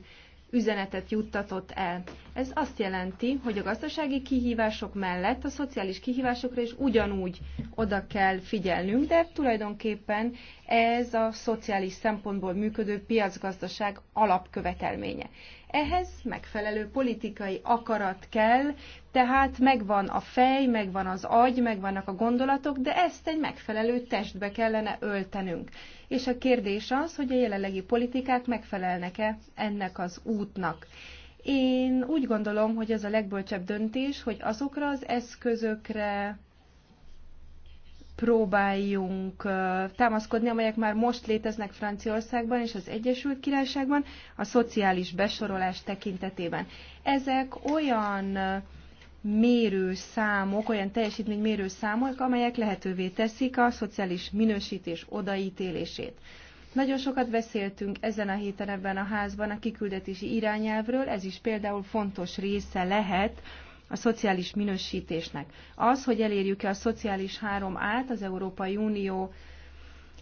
üzenetet juttatott el. Ez azt jelenti, hogy a gazdasági kihívások mellett a szociális kihívásokra is ugyanúgy oda kell figyelnünk, de tulajdonképpen ez a szociális szempontból működő piacgazdaság alapkövetelménye. Ehhez megfelelő politikai akarat kell, tehát megvan a fej, megvan az agy, megvannak a gondolatok, de ezt egy megfelelő testbe kellene öltenünk. És a kérdés az, hogy a jelenlegi politikák megfelelnek-e ennek az útnak. Én úgy gondolom, hogy ez a legbölcsebb döntés, hogy azokra az eszközökre, próbáljunk támaszkodni, amelyek már most léteznek Franciaországban és az Egyesült Királyságban a szociális besorolás tekintetében. Ezek olyan mérőszámok, olyan teljesítménymérő számok, amelyek lehetővé teszik a szociális minősítés odaítélését. Nagyon sokat beszéltünk ezen a héten ebben a házban a kiküldetési irányelvről, ez is például fontos része lehet a szociális minősítésnek. Az, hogy elérjük-e a szociális három át, az Európai Unió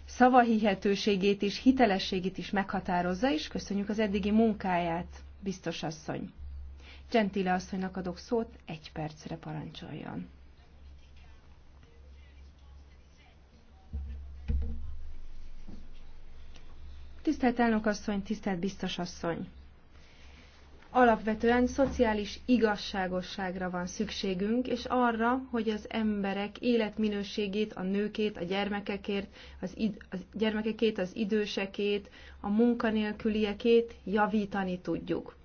szavahihetőségét és hitelességét is meghatározza, és köszönjük az eddigi munkáját, biztos asszony. Gentile asszonynak adok szót, egy percre parancsoljon. Tisztelt elnök asszony, tisztelt biztos asszony! Alapvetően szociális igazságosságra van szükségünk, és arra, hogy az emberek életminőségét, a nőkét, a gyermekekért, az, id- a gyermekekét, az idősekét, a munkanélküliekét javítani tudjuk.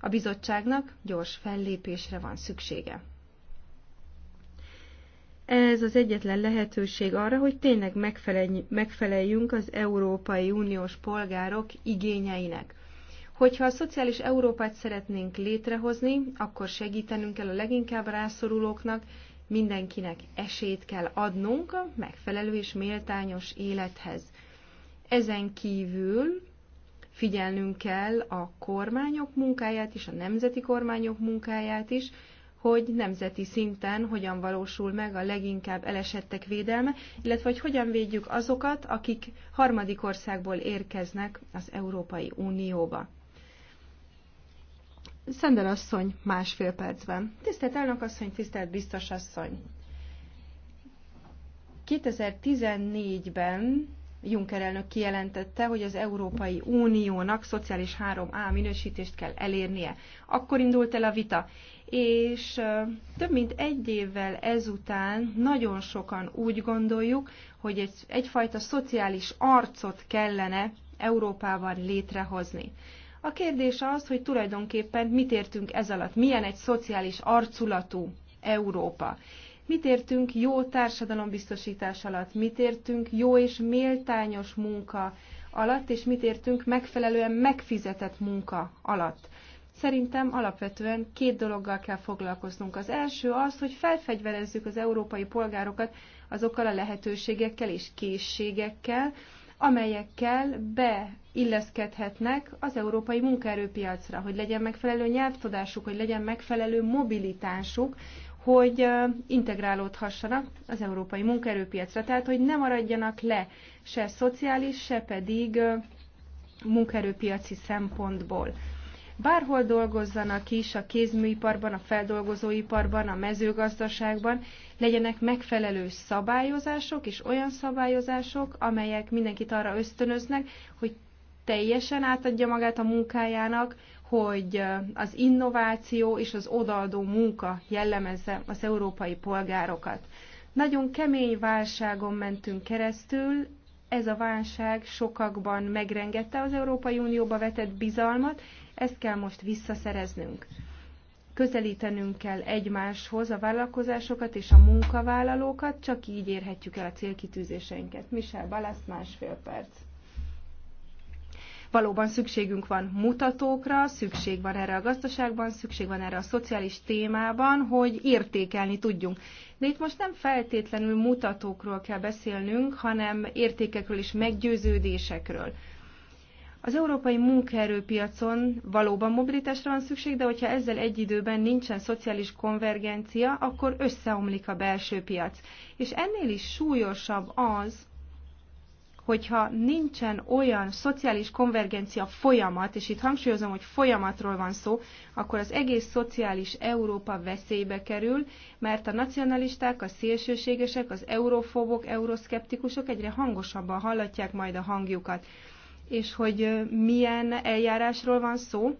A bizottságnak gyors fellépésre van szüksége. Ez az egyetlen lehetőség arra, hogy tényleg megfeleljünk az Európai Uniós polgárok igényeinek – Hogyha a szociális Európát szeretnénk létrehozni, akkor segítenünk kell a leginkább rászorulóknak, mindenkinek esélyt kell adnunk a megfelelő és méltányos élethez. Ezen kívül figyelnünk kell a kormányok munkáját is, a nemzeti kormányok munkáját is, hogy nemzeti szinten hogyan valósul meg a leginkább elesettek védelme, illetve hogy hogyan védjük azokat, akik harmadik országból érkeznek az Európai Unióba. Szender asszony másfél percben. Tisztelt elnök asszony, tisztelt biztos asszony. 2014-ben Juncker elnök kijelentette, hogy az Európai Uniónak szociális 3A minősítést kell elérnie. Akkor indult el a vita, és több mint egy évvel ezután nagyon sokan úgy gondoljuk, hogy egy, egyfajta szociális arcot kellene Európában létrehozni. A kérdés az, hogy tulajdonképpen mit értünk ez alatt, milyen egy szociális arculatú Európa. Mit értünk jó társadalombiztosítás alatt, mit értünk jó és méltányos munka alatt, és mit értünk megfelelően megfizetett munka alatt. Szerintem alapvetően két dologgal kell foglalkoznunk. Az első az, hogy felfegyverezzük az európai polgárokat azokkal a lehetőségekkel és készségekkel, amelyekkel be illeszkedhetnek az európai munkaerőpiacra, hogy legyen megfelelő nyelvtudásuk, hogy legyen megfelelő mobilitásuk, hogy integrálódhassanak az európai munkaerőpiacra, tehát hogy ne maradjanak le se szociális, se pedig munkaerőpiaci szempontból. Bárhol dolgozzanak is, a kézműiparban, a feldolgozóiparban, a mezőgazdaságban, legyenek megfelelő szabályozások és olyan szabályozások, amelyek mindenkit arra ösztönöznek, hogy teljesen átadja magát a munkájának, hogy az innováció és az odaadó munka jellemezze az európai polgárokat. Nagyon kemény válságon mentünk keresztül, ez a válság sokakban megrengette az Európai Unióba vetett bizalmat, ezt kell most visszaszereznünk. Közelítenünk kell egymáshoz a vállalkozásokat és a munkavállalókat, csak így érhetjük el a célkitűzéseinket. Michel Balasz, másfél perc. Valóban szükségünk van mutatókra, szükség van erre a gazdaságban, szükség van erre a szociális témában, hogy értékelni tudjunk. De itt most nem feltétlenül mutatókról kell beszélnünk, hanem értékekről és meggyőződésekről. Az európai munkaerőpiacon valóban mobilitásra van szükség, de hogyha ezzel egy időben nincsen szociális konvergencia, akkor összeomlik a belső piac. És ennél is súlyosabb az, hogyha nincsen olyan szociális konvergencia folyamat, és itt hangsúlyozom, hogy folyamatról van szó, akkor az egész szociális Európa veszélybe kerül, mert a nacionalisták, a szélsőségesek, az eurofóbok, euroszkeptikusok egyre hangosabban hallatják majd a hangjukat. És hogy milyen eljárásról van szó,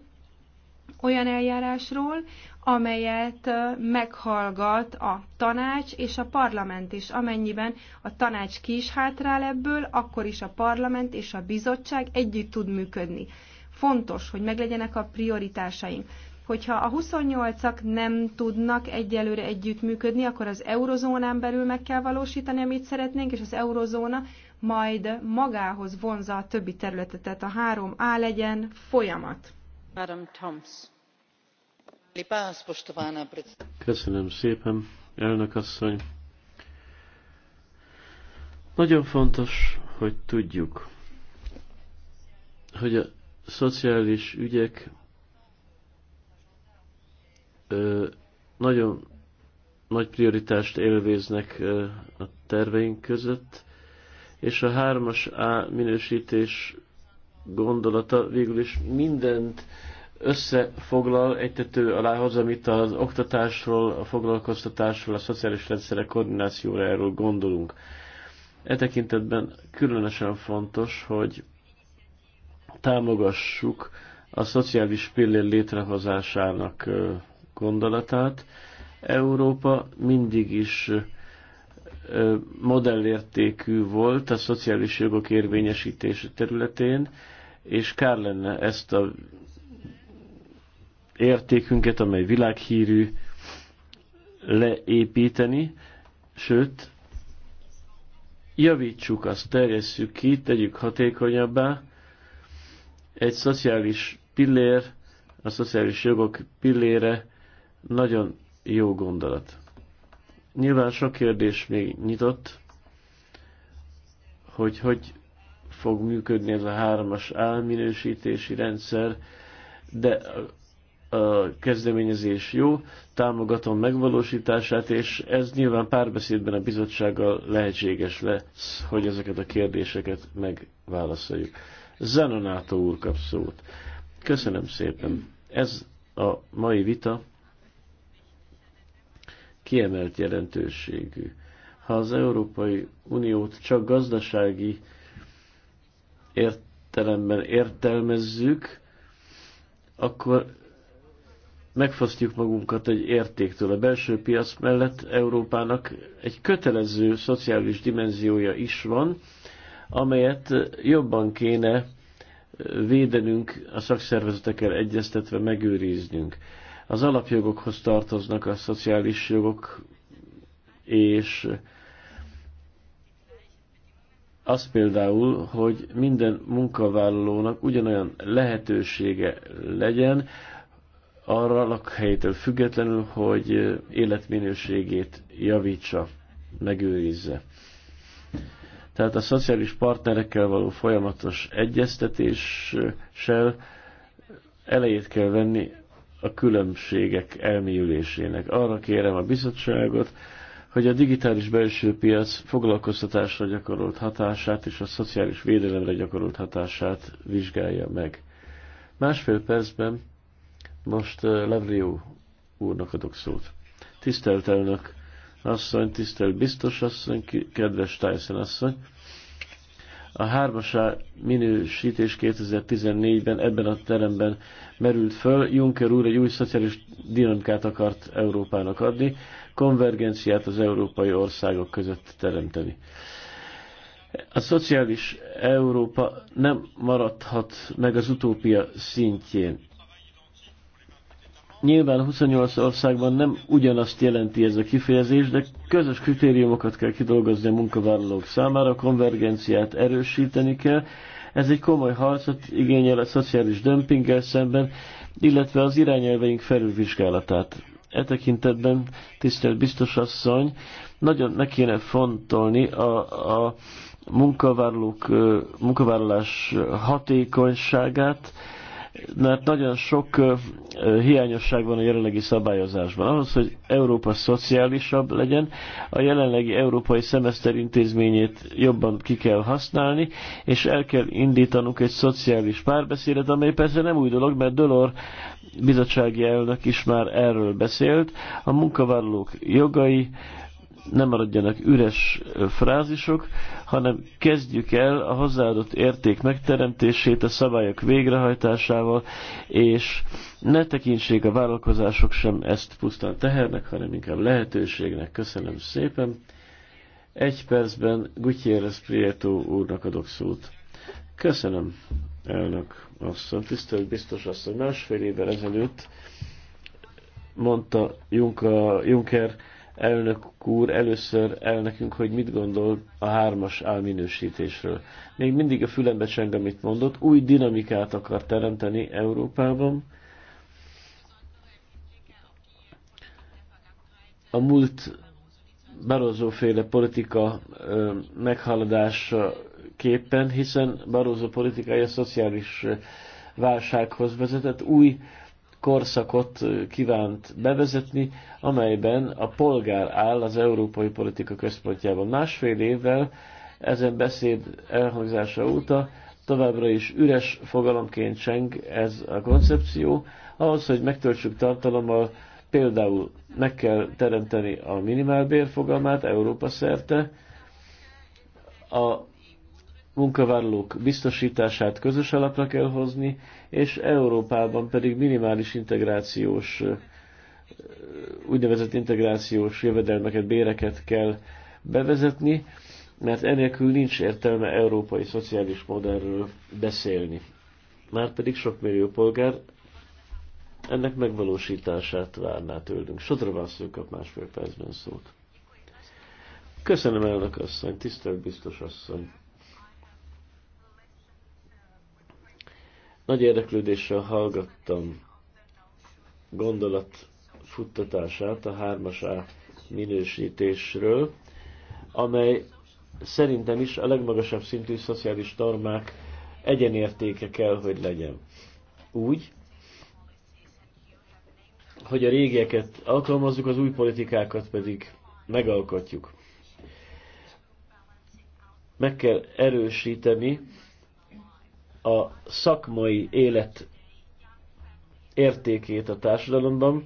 olyan eljárásról, amelyet meghallgat a tanács és a parlament is. Amennyiben a tanács ki is hátrál ebből, akkor is a parlament és a bizottság együtt tud működni. Fontos, hogy meglegyenek a prioritásaink. Hogyha a 28-ak nem tudnak egyelőre együttműködni, akkor az eurozónán belül meg kell valósítani, amit szeretnénk, és az eurozóna majd magához vonza a többi területet, tehát a 3A legyen folyamat. Madam Thompson. Köszönöm szépen, elnök asszony. Nagyon fontos, hogy tudjuk, hogy a szociális ügyek ö, nagyon nagy prioritást élveznek a terveink között, és a hármas A minősítés gondolata végül is mindent összefoglal, egytető alá hoz, amit az oktatásról, a foglalkoztatásról, a szociális rendszerek koordinációjáról gondolunk. E tekintetben különösen fontos, hogy támogassuk a szociális pillér létrehozásának gondolatát. Európa mindig is modellértékű volt a szociális jogok érvényesítése területén, és kár lenne ezt a értékünket, amely világhírű, leépíteni, sőt, javítsuk azt, terjesszük ki, tegyük hatékonyabbá. Egy szociális pillér, a szociális jogok pillére nagyon jó gondolat. Nyilván sok kérdés még nyitott, hogy hogy fog működni ez a hármas álminősítési rendszer, de a kezdeményezés jó, támogatom megvalósítását, és ez nyilván párbeszédben a bizottsággal lehetséges lesz, hogy ezeket a kérdéseket megválaszoljuk. Zenonátó úr kap szót. Köszönöm szépen. Ez a mai vita kiemelt jelentőségű. Ha az Európai Uniót csak gazdasági értelemben értelmezzük, akkor megfosztjuk magunkat egy értéktől. A belső piac mellett Európának egy kötelező szociális dimenziója is van, amelyet jobban kéne védenünk, a szakszervezetekkel egyeztetve megőriznünk. Az alapjogokhoz tartoznak a szociális jogok, és az például, hogy minden munkavállalónak ugyanolyan lehetősége legyen, arra a lakhelytől függetlenül, hogy életminőségét javítsa, megőrizze. Tehát a szociális partnerekkel való folyamatos egyeztetéssel elejét kell venni a különbségek elmélyülésének. Arra kérem a bizottságot, hogy a digitális belső piac foglalkoztatásra gyakorolt hatását és a szociális védelemre gyakorolt hatását vizsgálja meg. Másfél percben most eh, Levrió úrnak adok szót. Tisztelt elnök asszony, tisztelt biztos asszony, kedves Tyson asszony. A hármasá minősítés 2014-ben ebben a teremben merült föl. Juncker úr egy új szociális dinamikát akart Európának adni, konvergenciát az európai országok között teremteni. A szociális Európa nem maradhat meg az utópia szintjén Nyilván 28 országban nem ugyanazt jelenti ez a kifejezés, de közös kritériumokat kell kidolgozni a munkavállalók számára, a konvergenciát erősíteni kell. Ez egy komoly harcot igényel a szociális dömpinggel szemben, illetve az irányelveink felülvizsgálatát. E tekintetben, tisztelt biztos asszony, nagyon ne kéne fontolni a, a munkavállalók, munkavállalás hatékonyságát, mert nagyon sok hiányosság van a jelenlegi szabályozásban. Ahhoz, hogy Európa szociálisabb legyen, a jelenlegi európai szemeszter intézményét jobban ki kell használni, és el kell indítanunk egy szociális párbeszédet, amely persze nem új dolog, mert Dolor bizottsági elnök is már erről beszélt. A munkavállalók jogai, nem maradjanak üres frázisok, hanem kezdjük el a hozzáadott érték megteremtését a szabályok végrehajtásával, és ne tekintsék a vállalkozások sem ezt pusztán tehernek, hanem inkább lehetőségnek. Köszönöm szépen. Egy percben Gutierrez Prieto úrnak adok szót. Köszönöm, elnök asszony. Tisztelt biztos asszony, másfél évvel ezelőtt mondta Juncker, Juncker elnök úr először el nekünk, hogy mit gondol a hármas álminősítésről. Még mindig a fülembe cseng, amit mondott, új dinamikát akar teremteni Európában. A múlt Barroso féle politika ö, meghaladása képpen, hiszen politikai politikája szociális válsághoz vezetett, új ö, korszakot kívánt bevezetni, amelyben a polgár áll az európai politika központjában. Másfél évvel ezen beszéd elhangzása óta továbbra is üres fogalomként cseng ez a koncepció. Ahhoz, hogy megtöltsük tartalommal, például meg kell teremteni a minimálbér fogalmát Európa szerte, a munkavállalók biztosítását közös alapra kell hozni, és Európában pedig minimális integrációs, úgynevezett integrációs jövedelmeket, béreket kell bevezetni, mert enélkül nincs értelme európai szociális modellről beszélni. Márpedig sok millió polgár ennek megvalósítását várná tőlünk. Sodrovászló kap másfél percben szót. Köszönöm elnök asszony, tisztelt biztos asszony. Nagy érdeklődéssel hallgattam gondolat futtatását a 3-as minősítésről, amely szerintem is a legmagasabb szintű szociális normák egyenértéke kell, hogy legyen. Úgy, hogy a régieket alkalmazzuk, az új politikákat pedig megalkotjuk. Meg kell erősíteni a szakmai élet értékét a társadalomban.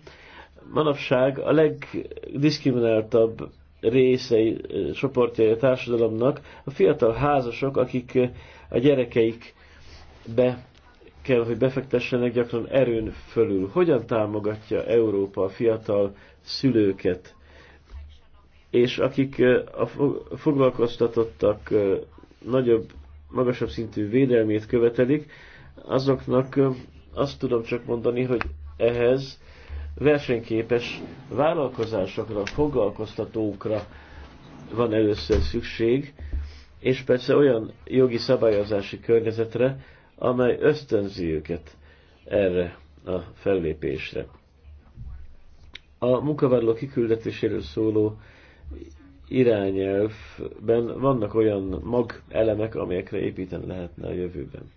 Manapság a legdiszkrimináltabb részei, csoportjai a társadalomnak a fiatal házasok, akik a gyerekeikbe kell, hogy befektessenek gyakran erőn fölül. Hogyan támogatja Európa a fiatal szülőket, és akik a foglalkoztatottak nagyobb magasabb szintű védelmét követelik, azoknak azt tudom csak mondani, hogy ehhez versenyképes vállalkozásokra, foglalkoztatókra van először szükség, és persze olyan jogi szabályozási környezetre, amely ösztönzi őket erre a fellépésre. A munkavállaló kiküldetéséről szóló irányelvben vannak olyan mag elemek, amelyekre építeni lehetne a jövőben.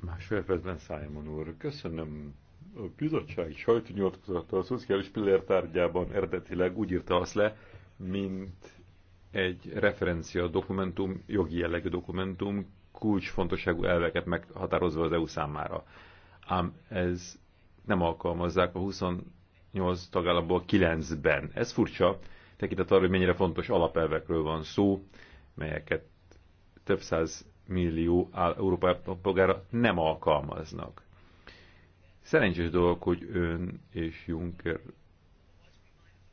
Másfél Simon úr, köszönöm a bizottsági sajtónyilatkozata a szociális pillér tárgyában eredetileg úgy írta azt le, mint egy referencia dokumentum, jogi jellegű dokumentum, kulcsfontosságú elveket meghatározva az EU számára. Ám ez nem alkalmazzák a 28 tagállamból 9-ben. Ez furcsa, tekintet arra, hogy mennyire fontos alapelvekről van szó, melyeket több száz millió európai polgára nem alkalmaznak. Szerencsés dolog, hogy ön és Juncker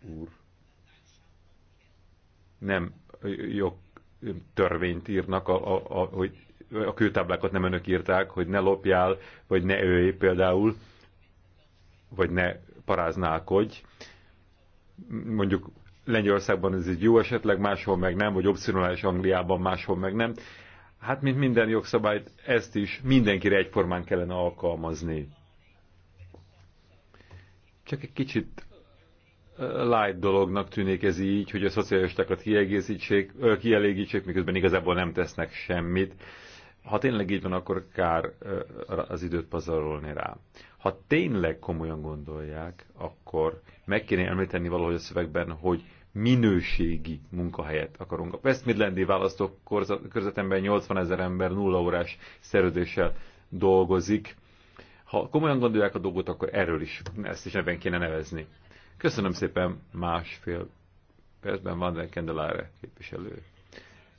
úr nem jog törvényt írnak, a, a, a, hogy a kőtáblákat nem önök írták, hogy ne lopjál, vagy ne őj például, vagy ne paráználkodj. Mondjuk Lengyelországban ez egy jó, esetleg máshol meg nem, vagy opcionális Angliában máshol meg nem. Hát, mint minden jogszabályt, ezt is mindenkire egyformán kellene alkalmazni. Csak egy kicsit light dolognak tűnik ez így, hogy a szocialistákat kielégítsék, miközben igazából nem tesznek semmit. Ha tényleg így van, akkor kár az időt pazarolni rá. Ha tényleg komolyan gondolják, akkor meg kéne említeni valahogy a szövegben, hogy minőségi munkahelyet akarunk. A West Midlandi választókörzetemben 80 ezer ember nulla órás szerződéssel dolgozik. Ha komolyan gondolják a dolgot, akkor erről is, ezt is ebben kéne nevezni. Köszönöm szépen másfél percben Van der Kendelára képviselő.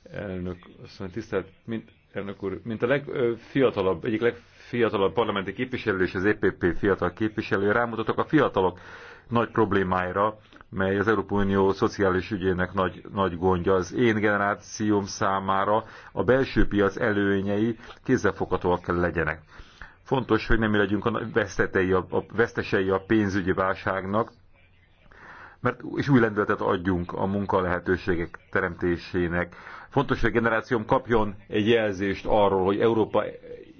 Elnök, azt mondja, tisztelt, mint elnök úr. Mint a legfiatalabb, egyik legfiatalabb parlamenti képviselő és az EPP fiatal képviselő, rámutatok a fiatalok nagy problémáira, mely az Európai Unió szociális ügyének nagy, nagy gondja. Az én generációm számára a belső piac előnyei kézzelfoghatóak kell legyenek. Fontos, hogy nem mi legyünk a a vesztesei a pénzügyi válságnak, mert, és új lendületet adjunk a munka lehetőségek teremtésének. Fontos, hogy a generációm kapjon egy jelzést arról, hogy Európa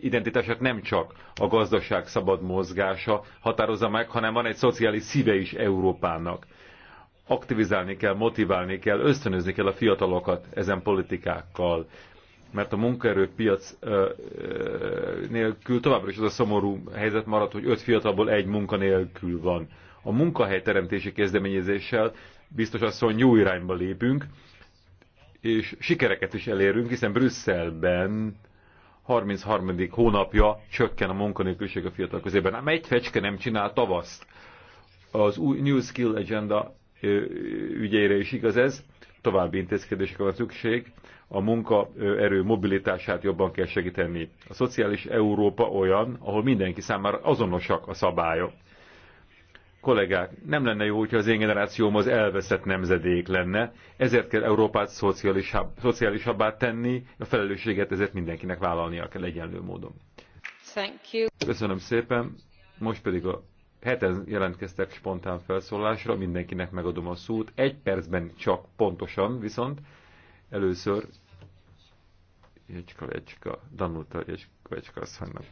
identitását nem csak a gazdaság szabad mozgása határozza meg, hanem van egy szociális szíve is Európának. Aktivizálni kell, motiválni kell, ösztönözni kell a fiatalokat ezen politikákkal mert a munkaerőpiac nélkül továbbra is az a szomorú helyzet marad, hogy öt fiatalból egy munkanélkül van a munkahelyteremtési kezdeményezéssel biztos asszony jó irányba lépünk, és sikereket is elérünk, hiszen Brüsszelben 33. hónapja csökken a munkanélküliség a fiatal közében. Ám egy fecske nem csinál tavaszt. Az új New Skill Agenda ügyeire is igaz ez, további intézkedésekre van szükség, a munkaerő mobilitását jobban kell segíteni. A szociális Európa olyan, ahol mindenki számára azonosak a szabályok. Kollégák, nem lenne jó, hogyha az én generációm az elveszett nemzedék lenne, ezért kell Európát szociálisabb, szociálisabbá tenni, a felelősséget ezért mindenkinek vállalnia kell egyenlő módon. Thank you. Köszönöm szépen, most pedig a heten jelentkeztek spontán felszólásra, mindenkinek megadom a szót. Egy percben csak pontosan, viszont először Jecska Lecska, Danuta Jecska Lecska asszonynak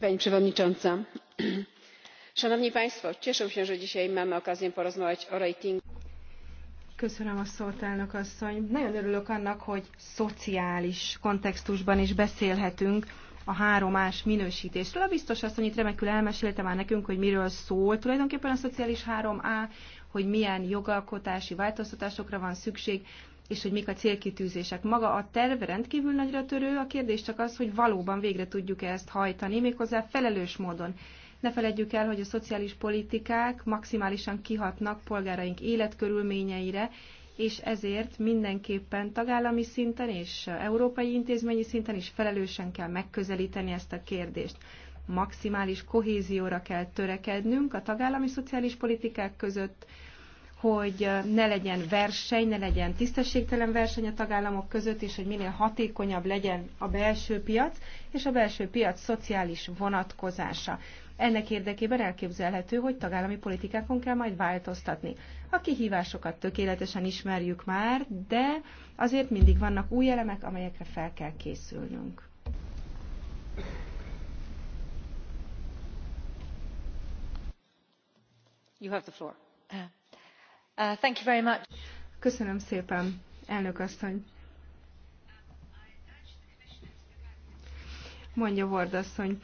cieszę się że dzisiaj mamy okazję porozmawiać o ratingu. Köszönöm a szót, elnök asszony. Nagyon örülök annak, hogy szociális kontextusban is beszélhetünk a három más minősítésről. A biztos asszony itt remekül elmesélte már nekünk, hogy miről szól tulajdonképpen a szociális 3A, hogy milyen jogalkotási változtatásokra van szükség, és hogy mik a célkitűzések. Maga a terv rendkívül nagyra törő, a kérdés csak az, hogy valóban végre tudjuk -e ezt hajtani, méghozzá felelős módon. Ne feledjük el, hogy a szociális politikák maximálisan kihatnak polgáraink életkörülményeire, és ezért mindenképpen tagállami szinten és európai intézményi szinten is felelősen kell megközelíteni ezt a kérdést. Maximális kohézióra kell törekednünk a tagállami szociális politikák között, hogy ne legyen verseny, ne legyen tisztességtelen verseny a tagállamok között, és hogy minél hatékonyabb legyen a belső piac, és a belső piac szociális vonatkozása. Ennek érdekében elképzelhető, hogy tagállami politikákon kell majd változtatni. A kihívásokat tökéletesen ismerjük már, de azért mindig vannak új elemek, amelyekre fel kell készülnünk. You have the floor. Uh, uh thank you very much. Köszönöm szépen, elnök asszony. Mondja Vordasszony. asszony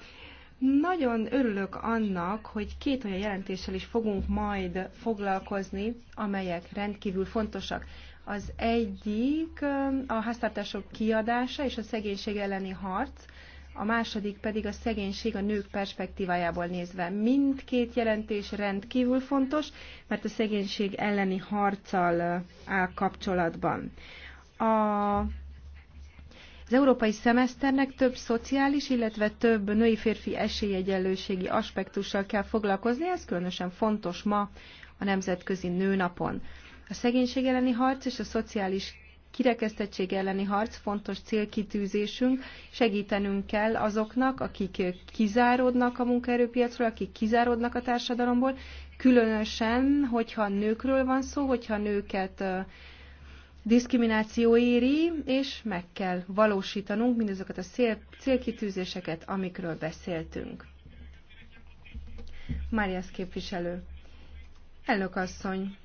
nagyon örülök annak, hogy két olyan jelentéssel is fogunk majd foglalkozni, amelyek rendkívül fontosak. Az egyik a háztartások kiadása és a szegénység elleni harc, a második pedig a szegénység a nők perspektívájából nézve. Mindkét jelentés rendkívül fontos, mert a szegénység elleni harccal áll kapcsolatban. A az európai szemeszternek több szociális, illetve több női-férfi esélyegyenlőségi aspektussal kell foglalkozni, ez különösen fontos ma a Nemzetközi Nőnapon. A szegénység elleni harc és a szociális kirekesztettség elleni harc fontos célkitűzésünk, segítenünk kell azoknak, akik kizáródnak a munkaerőpiacról, akik kizáródnak a társadalomból, különösen, hogyha nőkről van szó, hogyha nőket diszkrimináció éri, és meg kell valósítanunk mindazokat a szél, célkitűzéseket, amikről beszéltünk. Máriasz képviselő. Elnök asszony,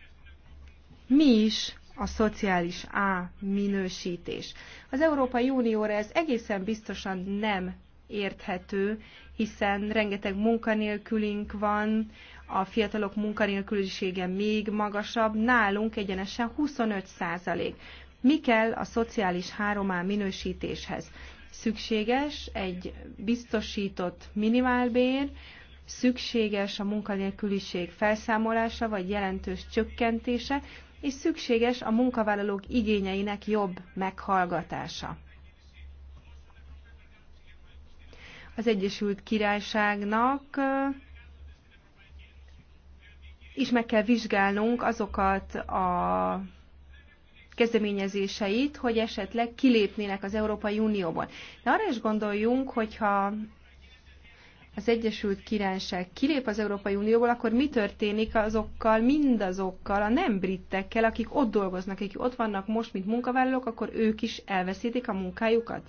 mi is a szociális A minősítés? Az Európai Unióra ez egészen biztosan nem érthető, hiszen rengeteg munkanélkülünk van, a fiatalok munkanélkülisége még magasabb, nálunk egyenesen 25 százalék. Mi kell a szociális háromá minősítéshez? Szükséges egy biztosított minimálbér, szükséges a munkanélküliség felszámolása vagy jelentős csökkentése, és szükséges a munkavállalók igényeinek jobb meghallgatása. az Egyesült Királyságnak is meg kell vizsgálnunk azokat a kezdeményezéseit, hogy esetleg kilépnének az Európai Unióból. De arra is gondoljunk, hogyha az Egyesült Királyság kilép az Európai Unióból, akkor mi történik azokkal, mindazokkal, a nem brittekkel, akik ott dolgoznak, akik ott vannak most, mint munkavállalók, akkor ők is elveszítik a munkájukat?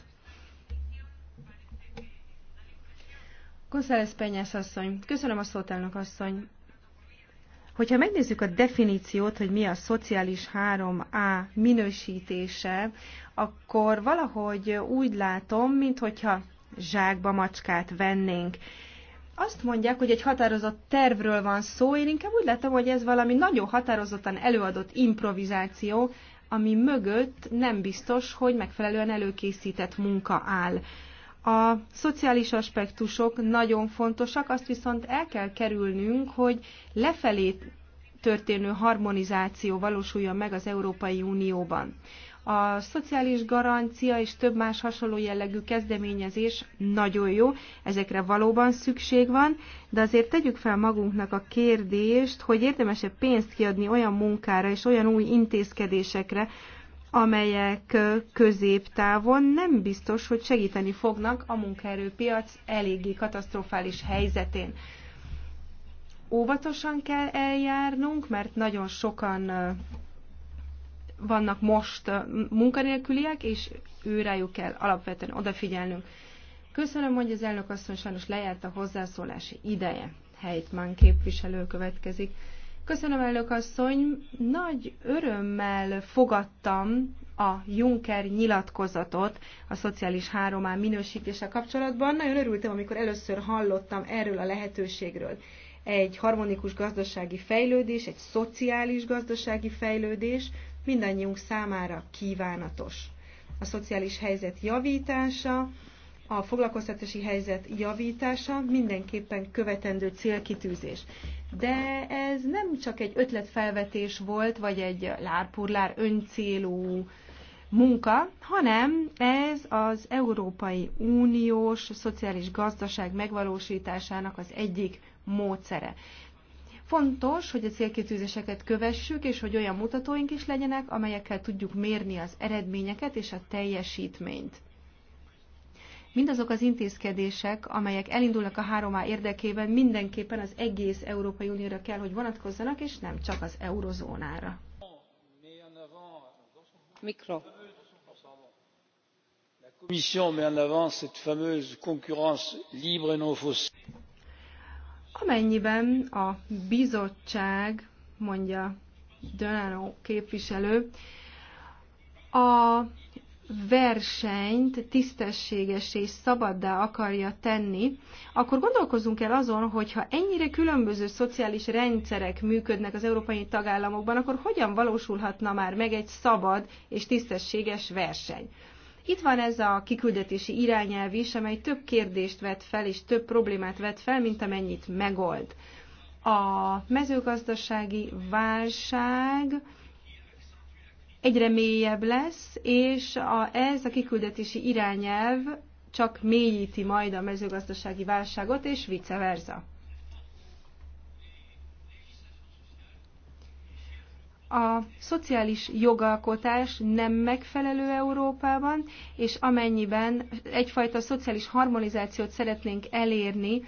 González Penyász asszony. Köszönöm a szót, elnök asszony. Hogyha megnézzük a definíciót, hogy mi a szociális 3A minősítése, akkor valahogy úgy látom, mintha zsákba macskát vennénk. Azt mondják, hogy egy határozott tervről van szó, én inkább úgy látom, hogy ez valami nagyon határozottan előadott improvizáció, ami mögött nem biztos, hogy megfelelően előkészített munka áll. A szociális aspektusok nagyon fontosak, azt viszont el kell kerülnünk, hogy lefelé történő harmonizáció valósuljon meg az Európai Unióban. A szociális garancia és több más hasonló jellegű kezdeményezés nagyon jó, ezekre valóban szükség van, de azért tegyük fel magunknak a kérdést, hogy érdemesebb pénzt kiadni olyan munkára és olyan új intézkedésekre, amelyek középtávon nem biztos, hogy segíteni fognak a munkaerőpiac eléggé katasztrofális helyzetén. Óvatosan kell eljárnunk, mert nagyon sokan vannak most munkanélküliek, és őrájuk kell alapvetően odafigyelnünk. Köszönöm, hogy az elnök asszony sajnos lejárt a hozzászólási ideje. Helytmán képviselő következik. Köszönöm, elnök asszony. Nagy örömmel fogadtam a Juncker nyilatkozatot a szociális háromán minősítése kapcsolatban. Nagyon örültem, amikor először hallottam erről a lehetőségről. Egy harmonikus gazdasági fejlődés, egy szociális gazdasági fejlődés mindannyiunk számára kívánatos. A szociális helyzet javítása, a foglalkoztatási helyzet javítása mindenképpen követendő célkitűzés. De ez nem csak egy ötletfelvetés volt, vagy egy lárpurlár öncélú munka, hanem ez az Európai Uniós szociális gazdaság megvalósításának az egyik módszere. Fontos, hogy a célkitűzéseket kövessük, és hogy olyan mutatóink is legyenek, amelyekkel tudjuk mérni az eredményeket és a teljesítményt. Mindazok az intézkedések, amelyek elindulnak a 3A érdekében, mindenképpen az egész Európai Unióra kell, hogy vonatkozzanak, és nem csak az eurozónára. Mikro. Amennyiben a bizottság, mondja Dönano képviselő, a versenyt tisztességes és szabaddá akarja tenni, akkor gondolkozunk el azon, hogy ha ennyire különböző szociális rendszerek működnek az európai tagállamokban, akkor hogyan valósulhatna már meg egy szabad és tisztességes verseny. Itt van ez a kiküldetési irányelv is, amely több kérdést vet fel, és több problémát vet fel, mint amennyit megold. A mezőgazdasági válság egyre mélyebb lesz, és a, ez a kiküldetési irányelv csak mélyíti majd a mezőgazdasági válságot, és vice versa. a szociális jogalkotás nem megfelelő Európában, és amennyiben egyfajta szociális harmonizációt szeretnénk elérni,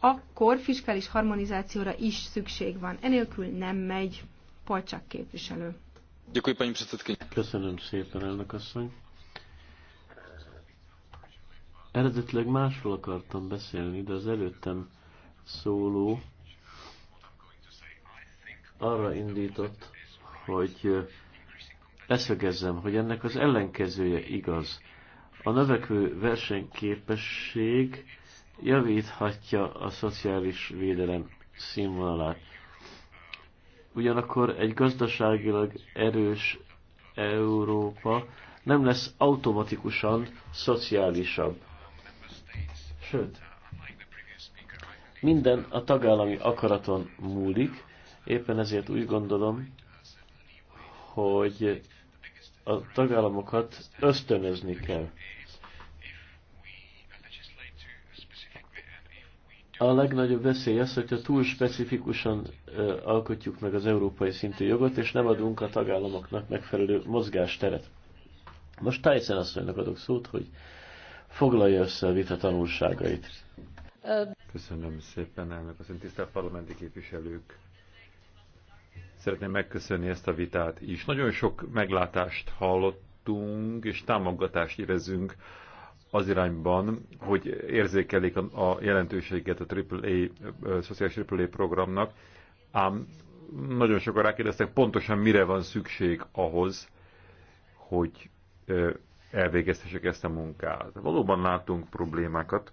akkor fiskális harmonizációra is szükség van. Enélkül nem megy. Polcsak képviselő. Köszönöm szépen, elnök asszony. Eredetileg másról akartam beszélni, de az előttem szóló arra indított, hogy leszögezzem, hogy ennek az ellenkezője igaz. A növekvő versenyképesség javíthatja a szociális védelem színvonalát. Ugyanakkor egy gazdaságilag erős Európa nem lesz automatikusan szociálisabb. Sőt, minden a tagállami akaraton múlik, éppen ezért úgy gondolom, hogy a tagállamokat ösztönözni kell. A legnagyobb veszély az, hogyha túl specifikusan ö, alkotjuk meg az európai szintű jogot, és nem adunk a tagállamoknak megfelelő mozgásteret. Most Tyson asszonynak adok szót, hogy foglalja össze a vita tanulságait. Köszönöm szépen, elnök asszony, tisztelt parlamenti képviselők! Szeretném megköszönni ezt a vitát is. Nagyon sok meglátást hallottunk, és támogatást érezünk az irányban, hogy érzékelik a, a jelentőséget a AAA, a szociális AAA programnak, ám nagyon sokan rákérdeztek pontosan mire van szükség ahhoz, hogy elvégeztessek ezt a munkát. Valóban látunk problémákat,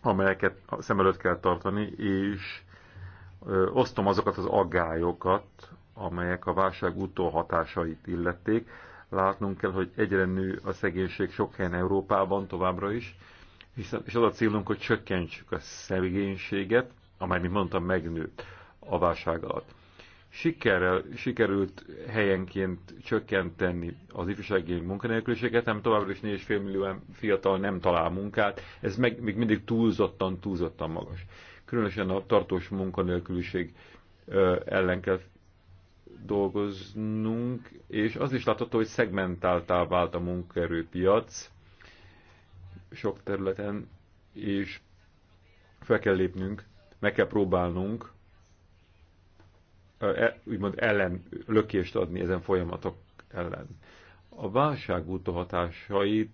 amelyeket szem előtt kell tartani, és osztom azokat az aggályokat, amelyek a válság utóhatásait illették látnunk kell, hogy egyre nő a szegénység sok helyen Európában továbbra is, és az a célunk, hogy csökkentsük a szegénységet, amely, mint mondtam, megnőtt a válság alatt. Sikerrel, sikerült helyenként csökkenteni az ifjúsági munkanélküliséget, nem továbbra is 4,5 millió fiatal nem talál munkát, ez meg, még mindig túlzottan, túlzottan magas. Különösen a tartós munkanélküliség ellen kell dolgoznunk, és az is látható, hogy szegmentáltá vált a munkaerőpiac sok területen, és fel kell lépnünk, meg kell próbálnunk e, úgymond ellen lökést adni ezen folyamatok ellen. A válság utóhatásait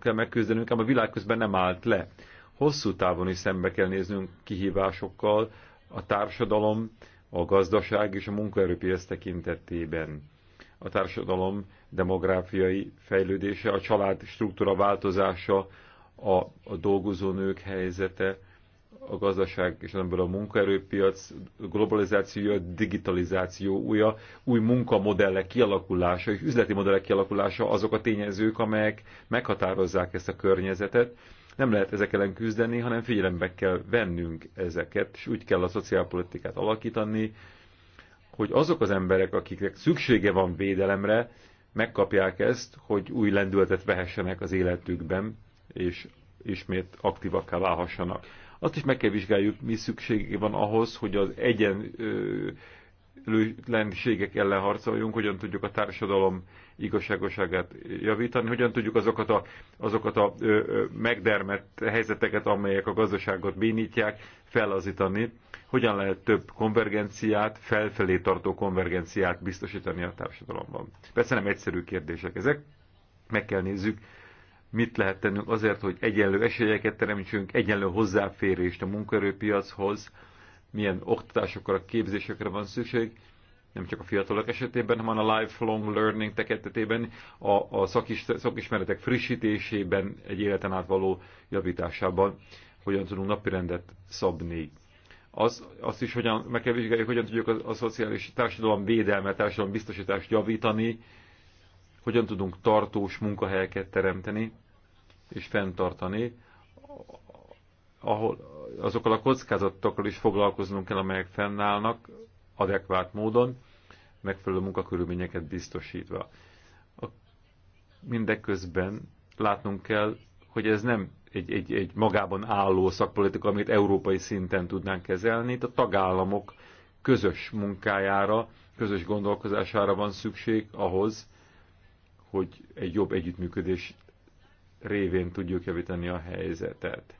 kell megküzdenünk, ám a világ közben nem állt le. Hosszú távon is szembe kell néznünk kihívásokkal, a társadalom a gazdaság és a munkaerőpiac tekintetében. A társadalom demográfiai fejlődése, a család struktúra változása, a, a dolgozónők helyzete, a gazdaság és ember a munkaerőpiac globalizációja, digitalizáció újja, új munkamodellek kialakulása és üzleti modellek kialakulása azok a tényezők, amelyek meghatározzák ezt a környezetet. Nem lehet ezek ellen küzdeni, hanem figyelembe kell vennünk ezeket, és úgy kell a szociálpolitikát alakítani, hogy azok az emberek, akiknek szüksége van védelemre, megkapják ezt, hogy új lendületet vehessenek az életükben, és ismét aktívakká válhassanak. Azt is meg kell vizsgáljuk, mi szüksége van ahhoz, hogy az egyenlőtlenségek ellen harcoljunk, hogyan tudjuk a társadalom igazságoságát javítani, hogyan tudjuk azokat a, azokat a ö, ö, megdermett helyzeteket, amelyek a gazdaságot bénítják, felazítani, hogyan lehet több konvergenciát, felfelé tartó konvergenciát biztosítani a társadalomban. Persze nem egyszerű kérdések ezek, meg kell nézzük, mit lehet tennünk azért, hogy egyenlő esélyeket teremtsünk, egyenlő hozzáférést a munkaerőpiachoz, milyen oktatásokra, képzésekre van szükség, nem csak a fiatalok esetében, hanem a lifelong learning tekintetében, a, a szakis, szakismeretek frissítésében, egy életen át való javításában, hogyan tudunk napirendet szabni. Az, azt is hogyan, meg kell vizsgáljuk, hogyan tudjuk a, a szociális társadalom védelmet, társadalom biztosítást javítani, hogyan tudunk tartós munkahelyeket teremteni és fenntartani, ahol azokkal a kockázatokkal is foglalkoznunk kell, amelyek fennállnak adekvát módon, megfelelő munkakörülményeket biztosítva. A, mindeközben látnunk kell, hogy ez nem egy, egy, egy magában álló szakpolitika, amit európai szinten tudnánk kezelni, itt a tagállamok közös munkájára, közös gondolkozására van szükség ahhoz, hogy egy jobb együttműködés révén tudjuk javítani a helyzetet.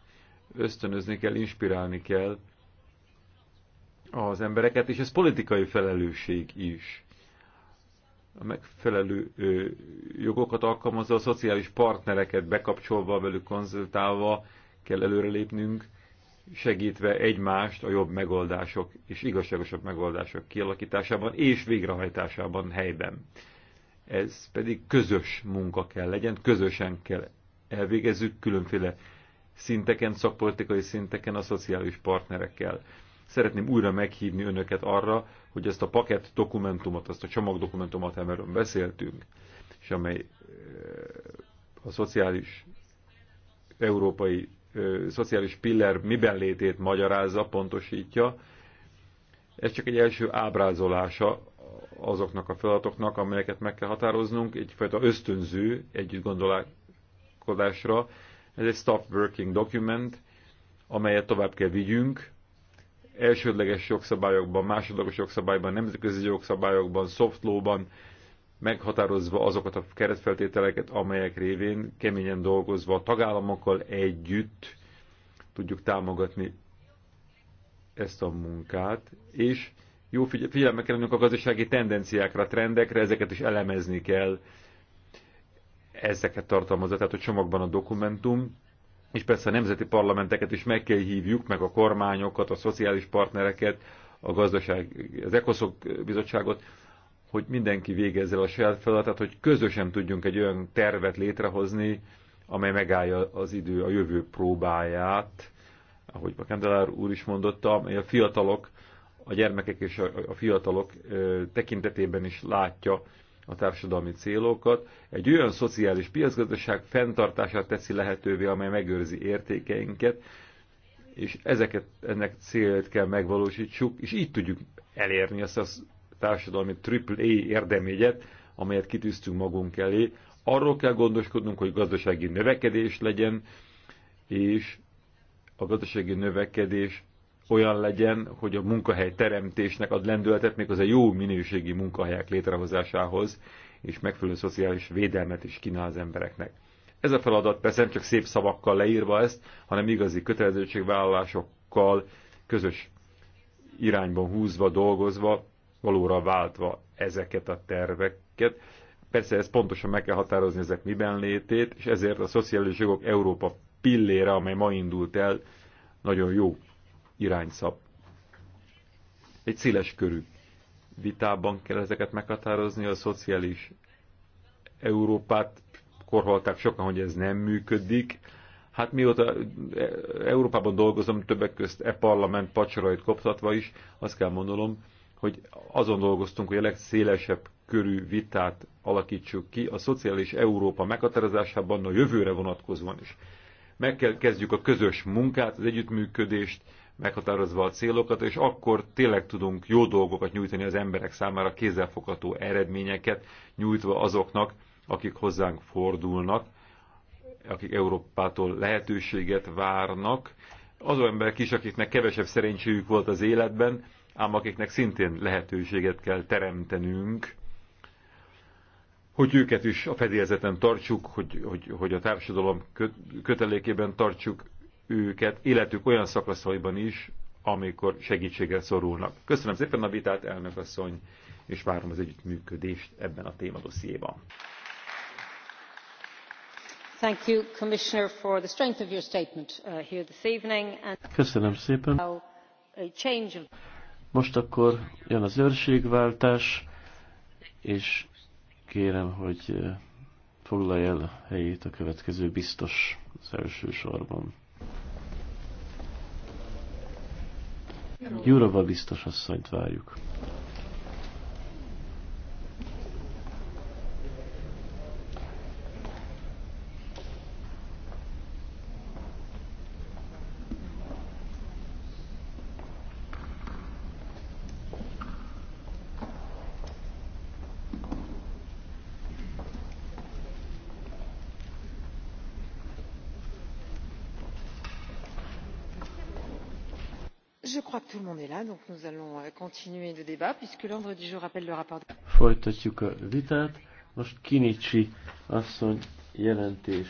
Ösztönözni kell, inspirálni kell az embereket, és ez politikai felelősség is. A megfelelő ö, jogokat alkalmazva, a szociális partnereket bekapcsolva, velük konzultálva kell előrelépnünk, segítve egymást a jobb megoldások és igazságosabb megoldások kialakításában és végrehajtásában helyben. Ez pedig közös munka kell legyen, közösen kell elvégezzük különféle szinteken, szakpolitikai szinteken a szociális partnerekkel. Szeretném újra meghívni önöket arra, hogy ezt a paket dokumentumot, azt a csomagdokumentumot, amiről beszéltünk, és amely a szociális európai szociális pillér miben létét magyarázza, pontosítja. Ez csak egy első ábrázolása azoknak a feladatoknak, amelyeket meg kell határoznunk, egyfajta ösztönző együtt gondolkodásra. Ez egy staff working document, amelyet tovább kell vigyünk, elsődleges jogszabályokban, másodlagos jogszabályban, nemzetközi jogszabályokban, soft law-ban meghatározva azokat a keretfeltételeket, amelyek révén keményen dolgozva a tagállamokkal együtt tudjuk támogatni ezt a munkát, és jó figy figyelme kell a gazdasági tendenciákra, trendekre, ezeket is elemezni kell. Ezeket tartalmazza, tehát a csomagban a dokumentum, és persze a nemzeti parlamenteket is meg kell hívjuk, meg a kormányokat, a szociális partnereket, a gazdaság, az ECOSZOK bizottságot, hogy mindenki végezze a saját feladatát, hogy közösen tudjunk egy olyan tervet létrehozni, amely megállja az idő, a jövő próbáját, ahogy a úr is mondotta, amely a fiatalok a gyermekek és a fiatalok tekintetében is látja a társadalmi célokat. Egy olyan szociális piacgazdaság fenntartását teszi lehetővé, amely megőrzi értékeinket, és ezeket, ennek célját kell megvalósítsuk, és így tudjuk elérni ezt a társadalmi AAA érdemégyet, amelyet kitűztünk magunk elé. Arról kell gondoskodnunk, hogy gazdasági növekedés legyen, és a gazdasági növekedés olyan legyen, hogy a munkahely teremtésnek ad lendületet még az a jó minőségi munkahelyek létrehozásához, és megfelelő szociális védelmet is kínál az embereknek. Ez a feladat persze nem csak szép szavakkal leírva ezt, hanem igazi kötelezettségvállalásokkal közös irányban húzva, dolgozva, valóra váltva ezeket a terveket. Persze ez pontosan meg kell határozni ezek miben létét, és ezért a szociális jogok Európa pillére, amely ma indult el, nagyon jó irányszab. Egy széles körű vitában kell ezeket meghatározni, a szociális Európát korholták sokan, hogy ez nem működik. Hát mióta e, Európában dolgozom, többek közt e parlament pacsorait koptatva is, azt kell mondanom, hogy azon dolgoztunk, hogy a legszélesebb körű vitát alakítsuk ki a szociális Európa meghatározásában a jövőre vonatkozóan is. Meg kell kezdjük a közös munkát, az együttműködést, meghatározva a célokat, és akkor tényleg tudunk jó dolgokat nyújtani az emberek számára, kézzelfogható eredményeket nyújtva azoknak, akik hozzánk fordulnak, akik Európától lehetőséget várnak, azon emberek is, akiknek kevesebb szerencséjük volt az életben, ám akiknek szintén lehetőséget kell teremtenünk, hogy őket is a fedélzeten tartsuk, hogy, hogy, hogy a társadalom kötelékében tartsuk őket életük olyan szakaszaiban is, amikor segítségre szorulnak. Köszönöm szépen a vitát, elnök asszony, és várom az együttműködést ebben a témadossziéban. Thank you, Commissioner, for the strength of your statement uh, here this evening. And Köszönöm szépen. Most akkor jön az őrségváltás, és kérem, hogy uh, foglalja el helyét a következő biztos az első sorban. Jurova biztos asszonyt várjuk. Folytatjuk a vitát. Most Kinicsi asszony jelentés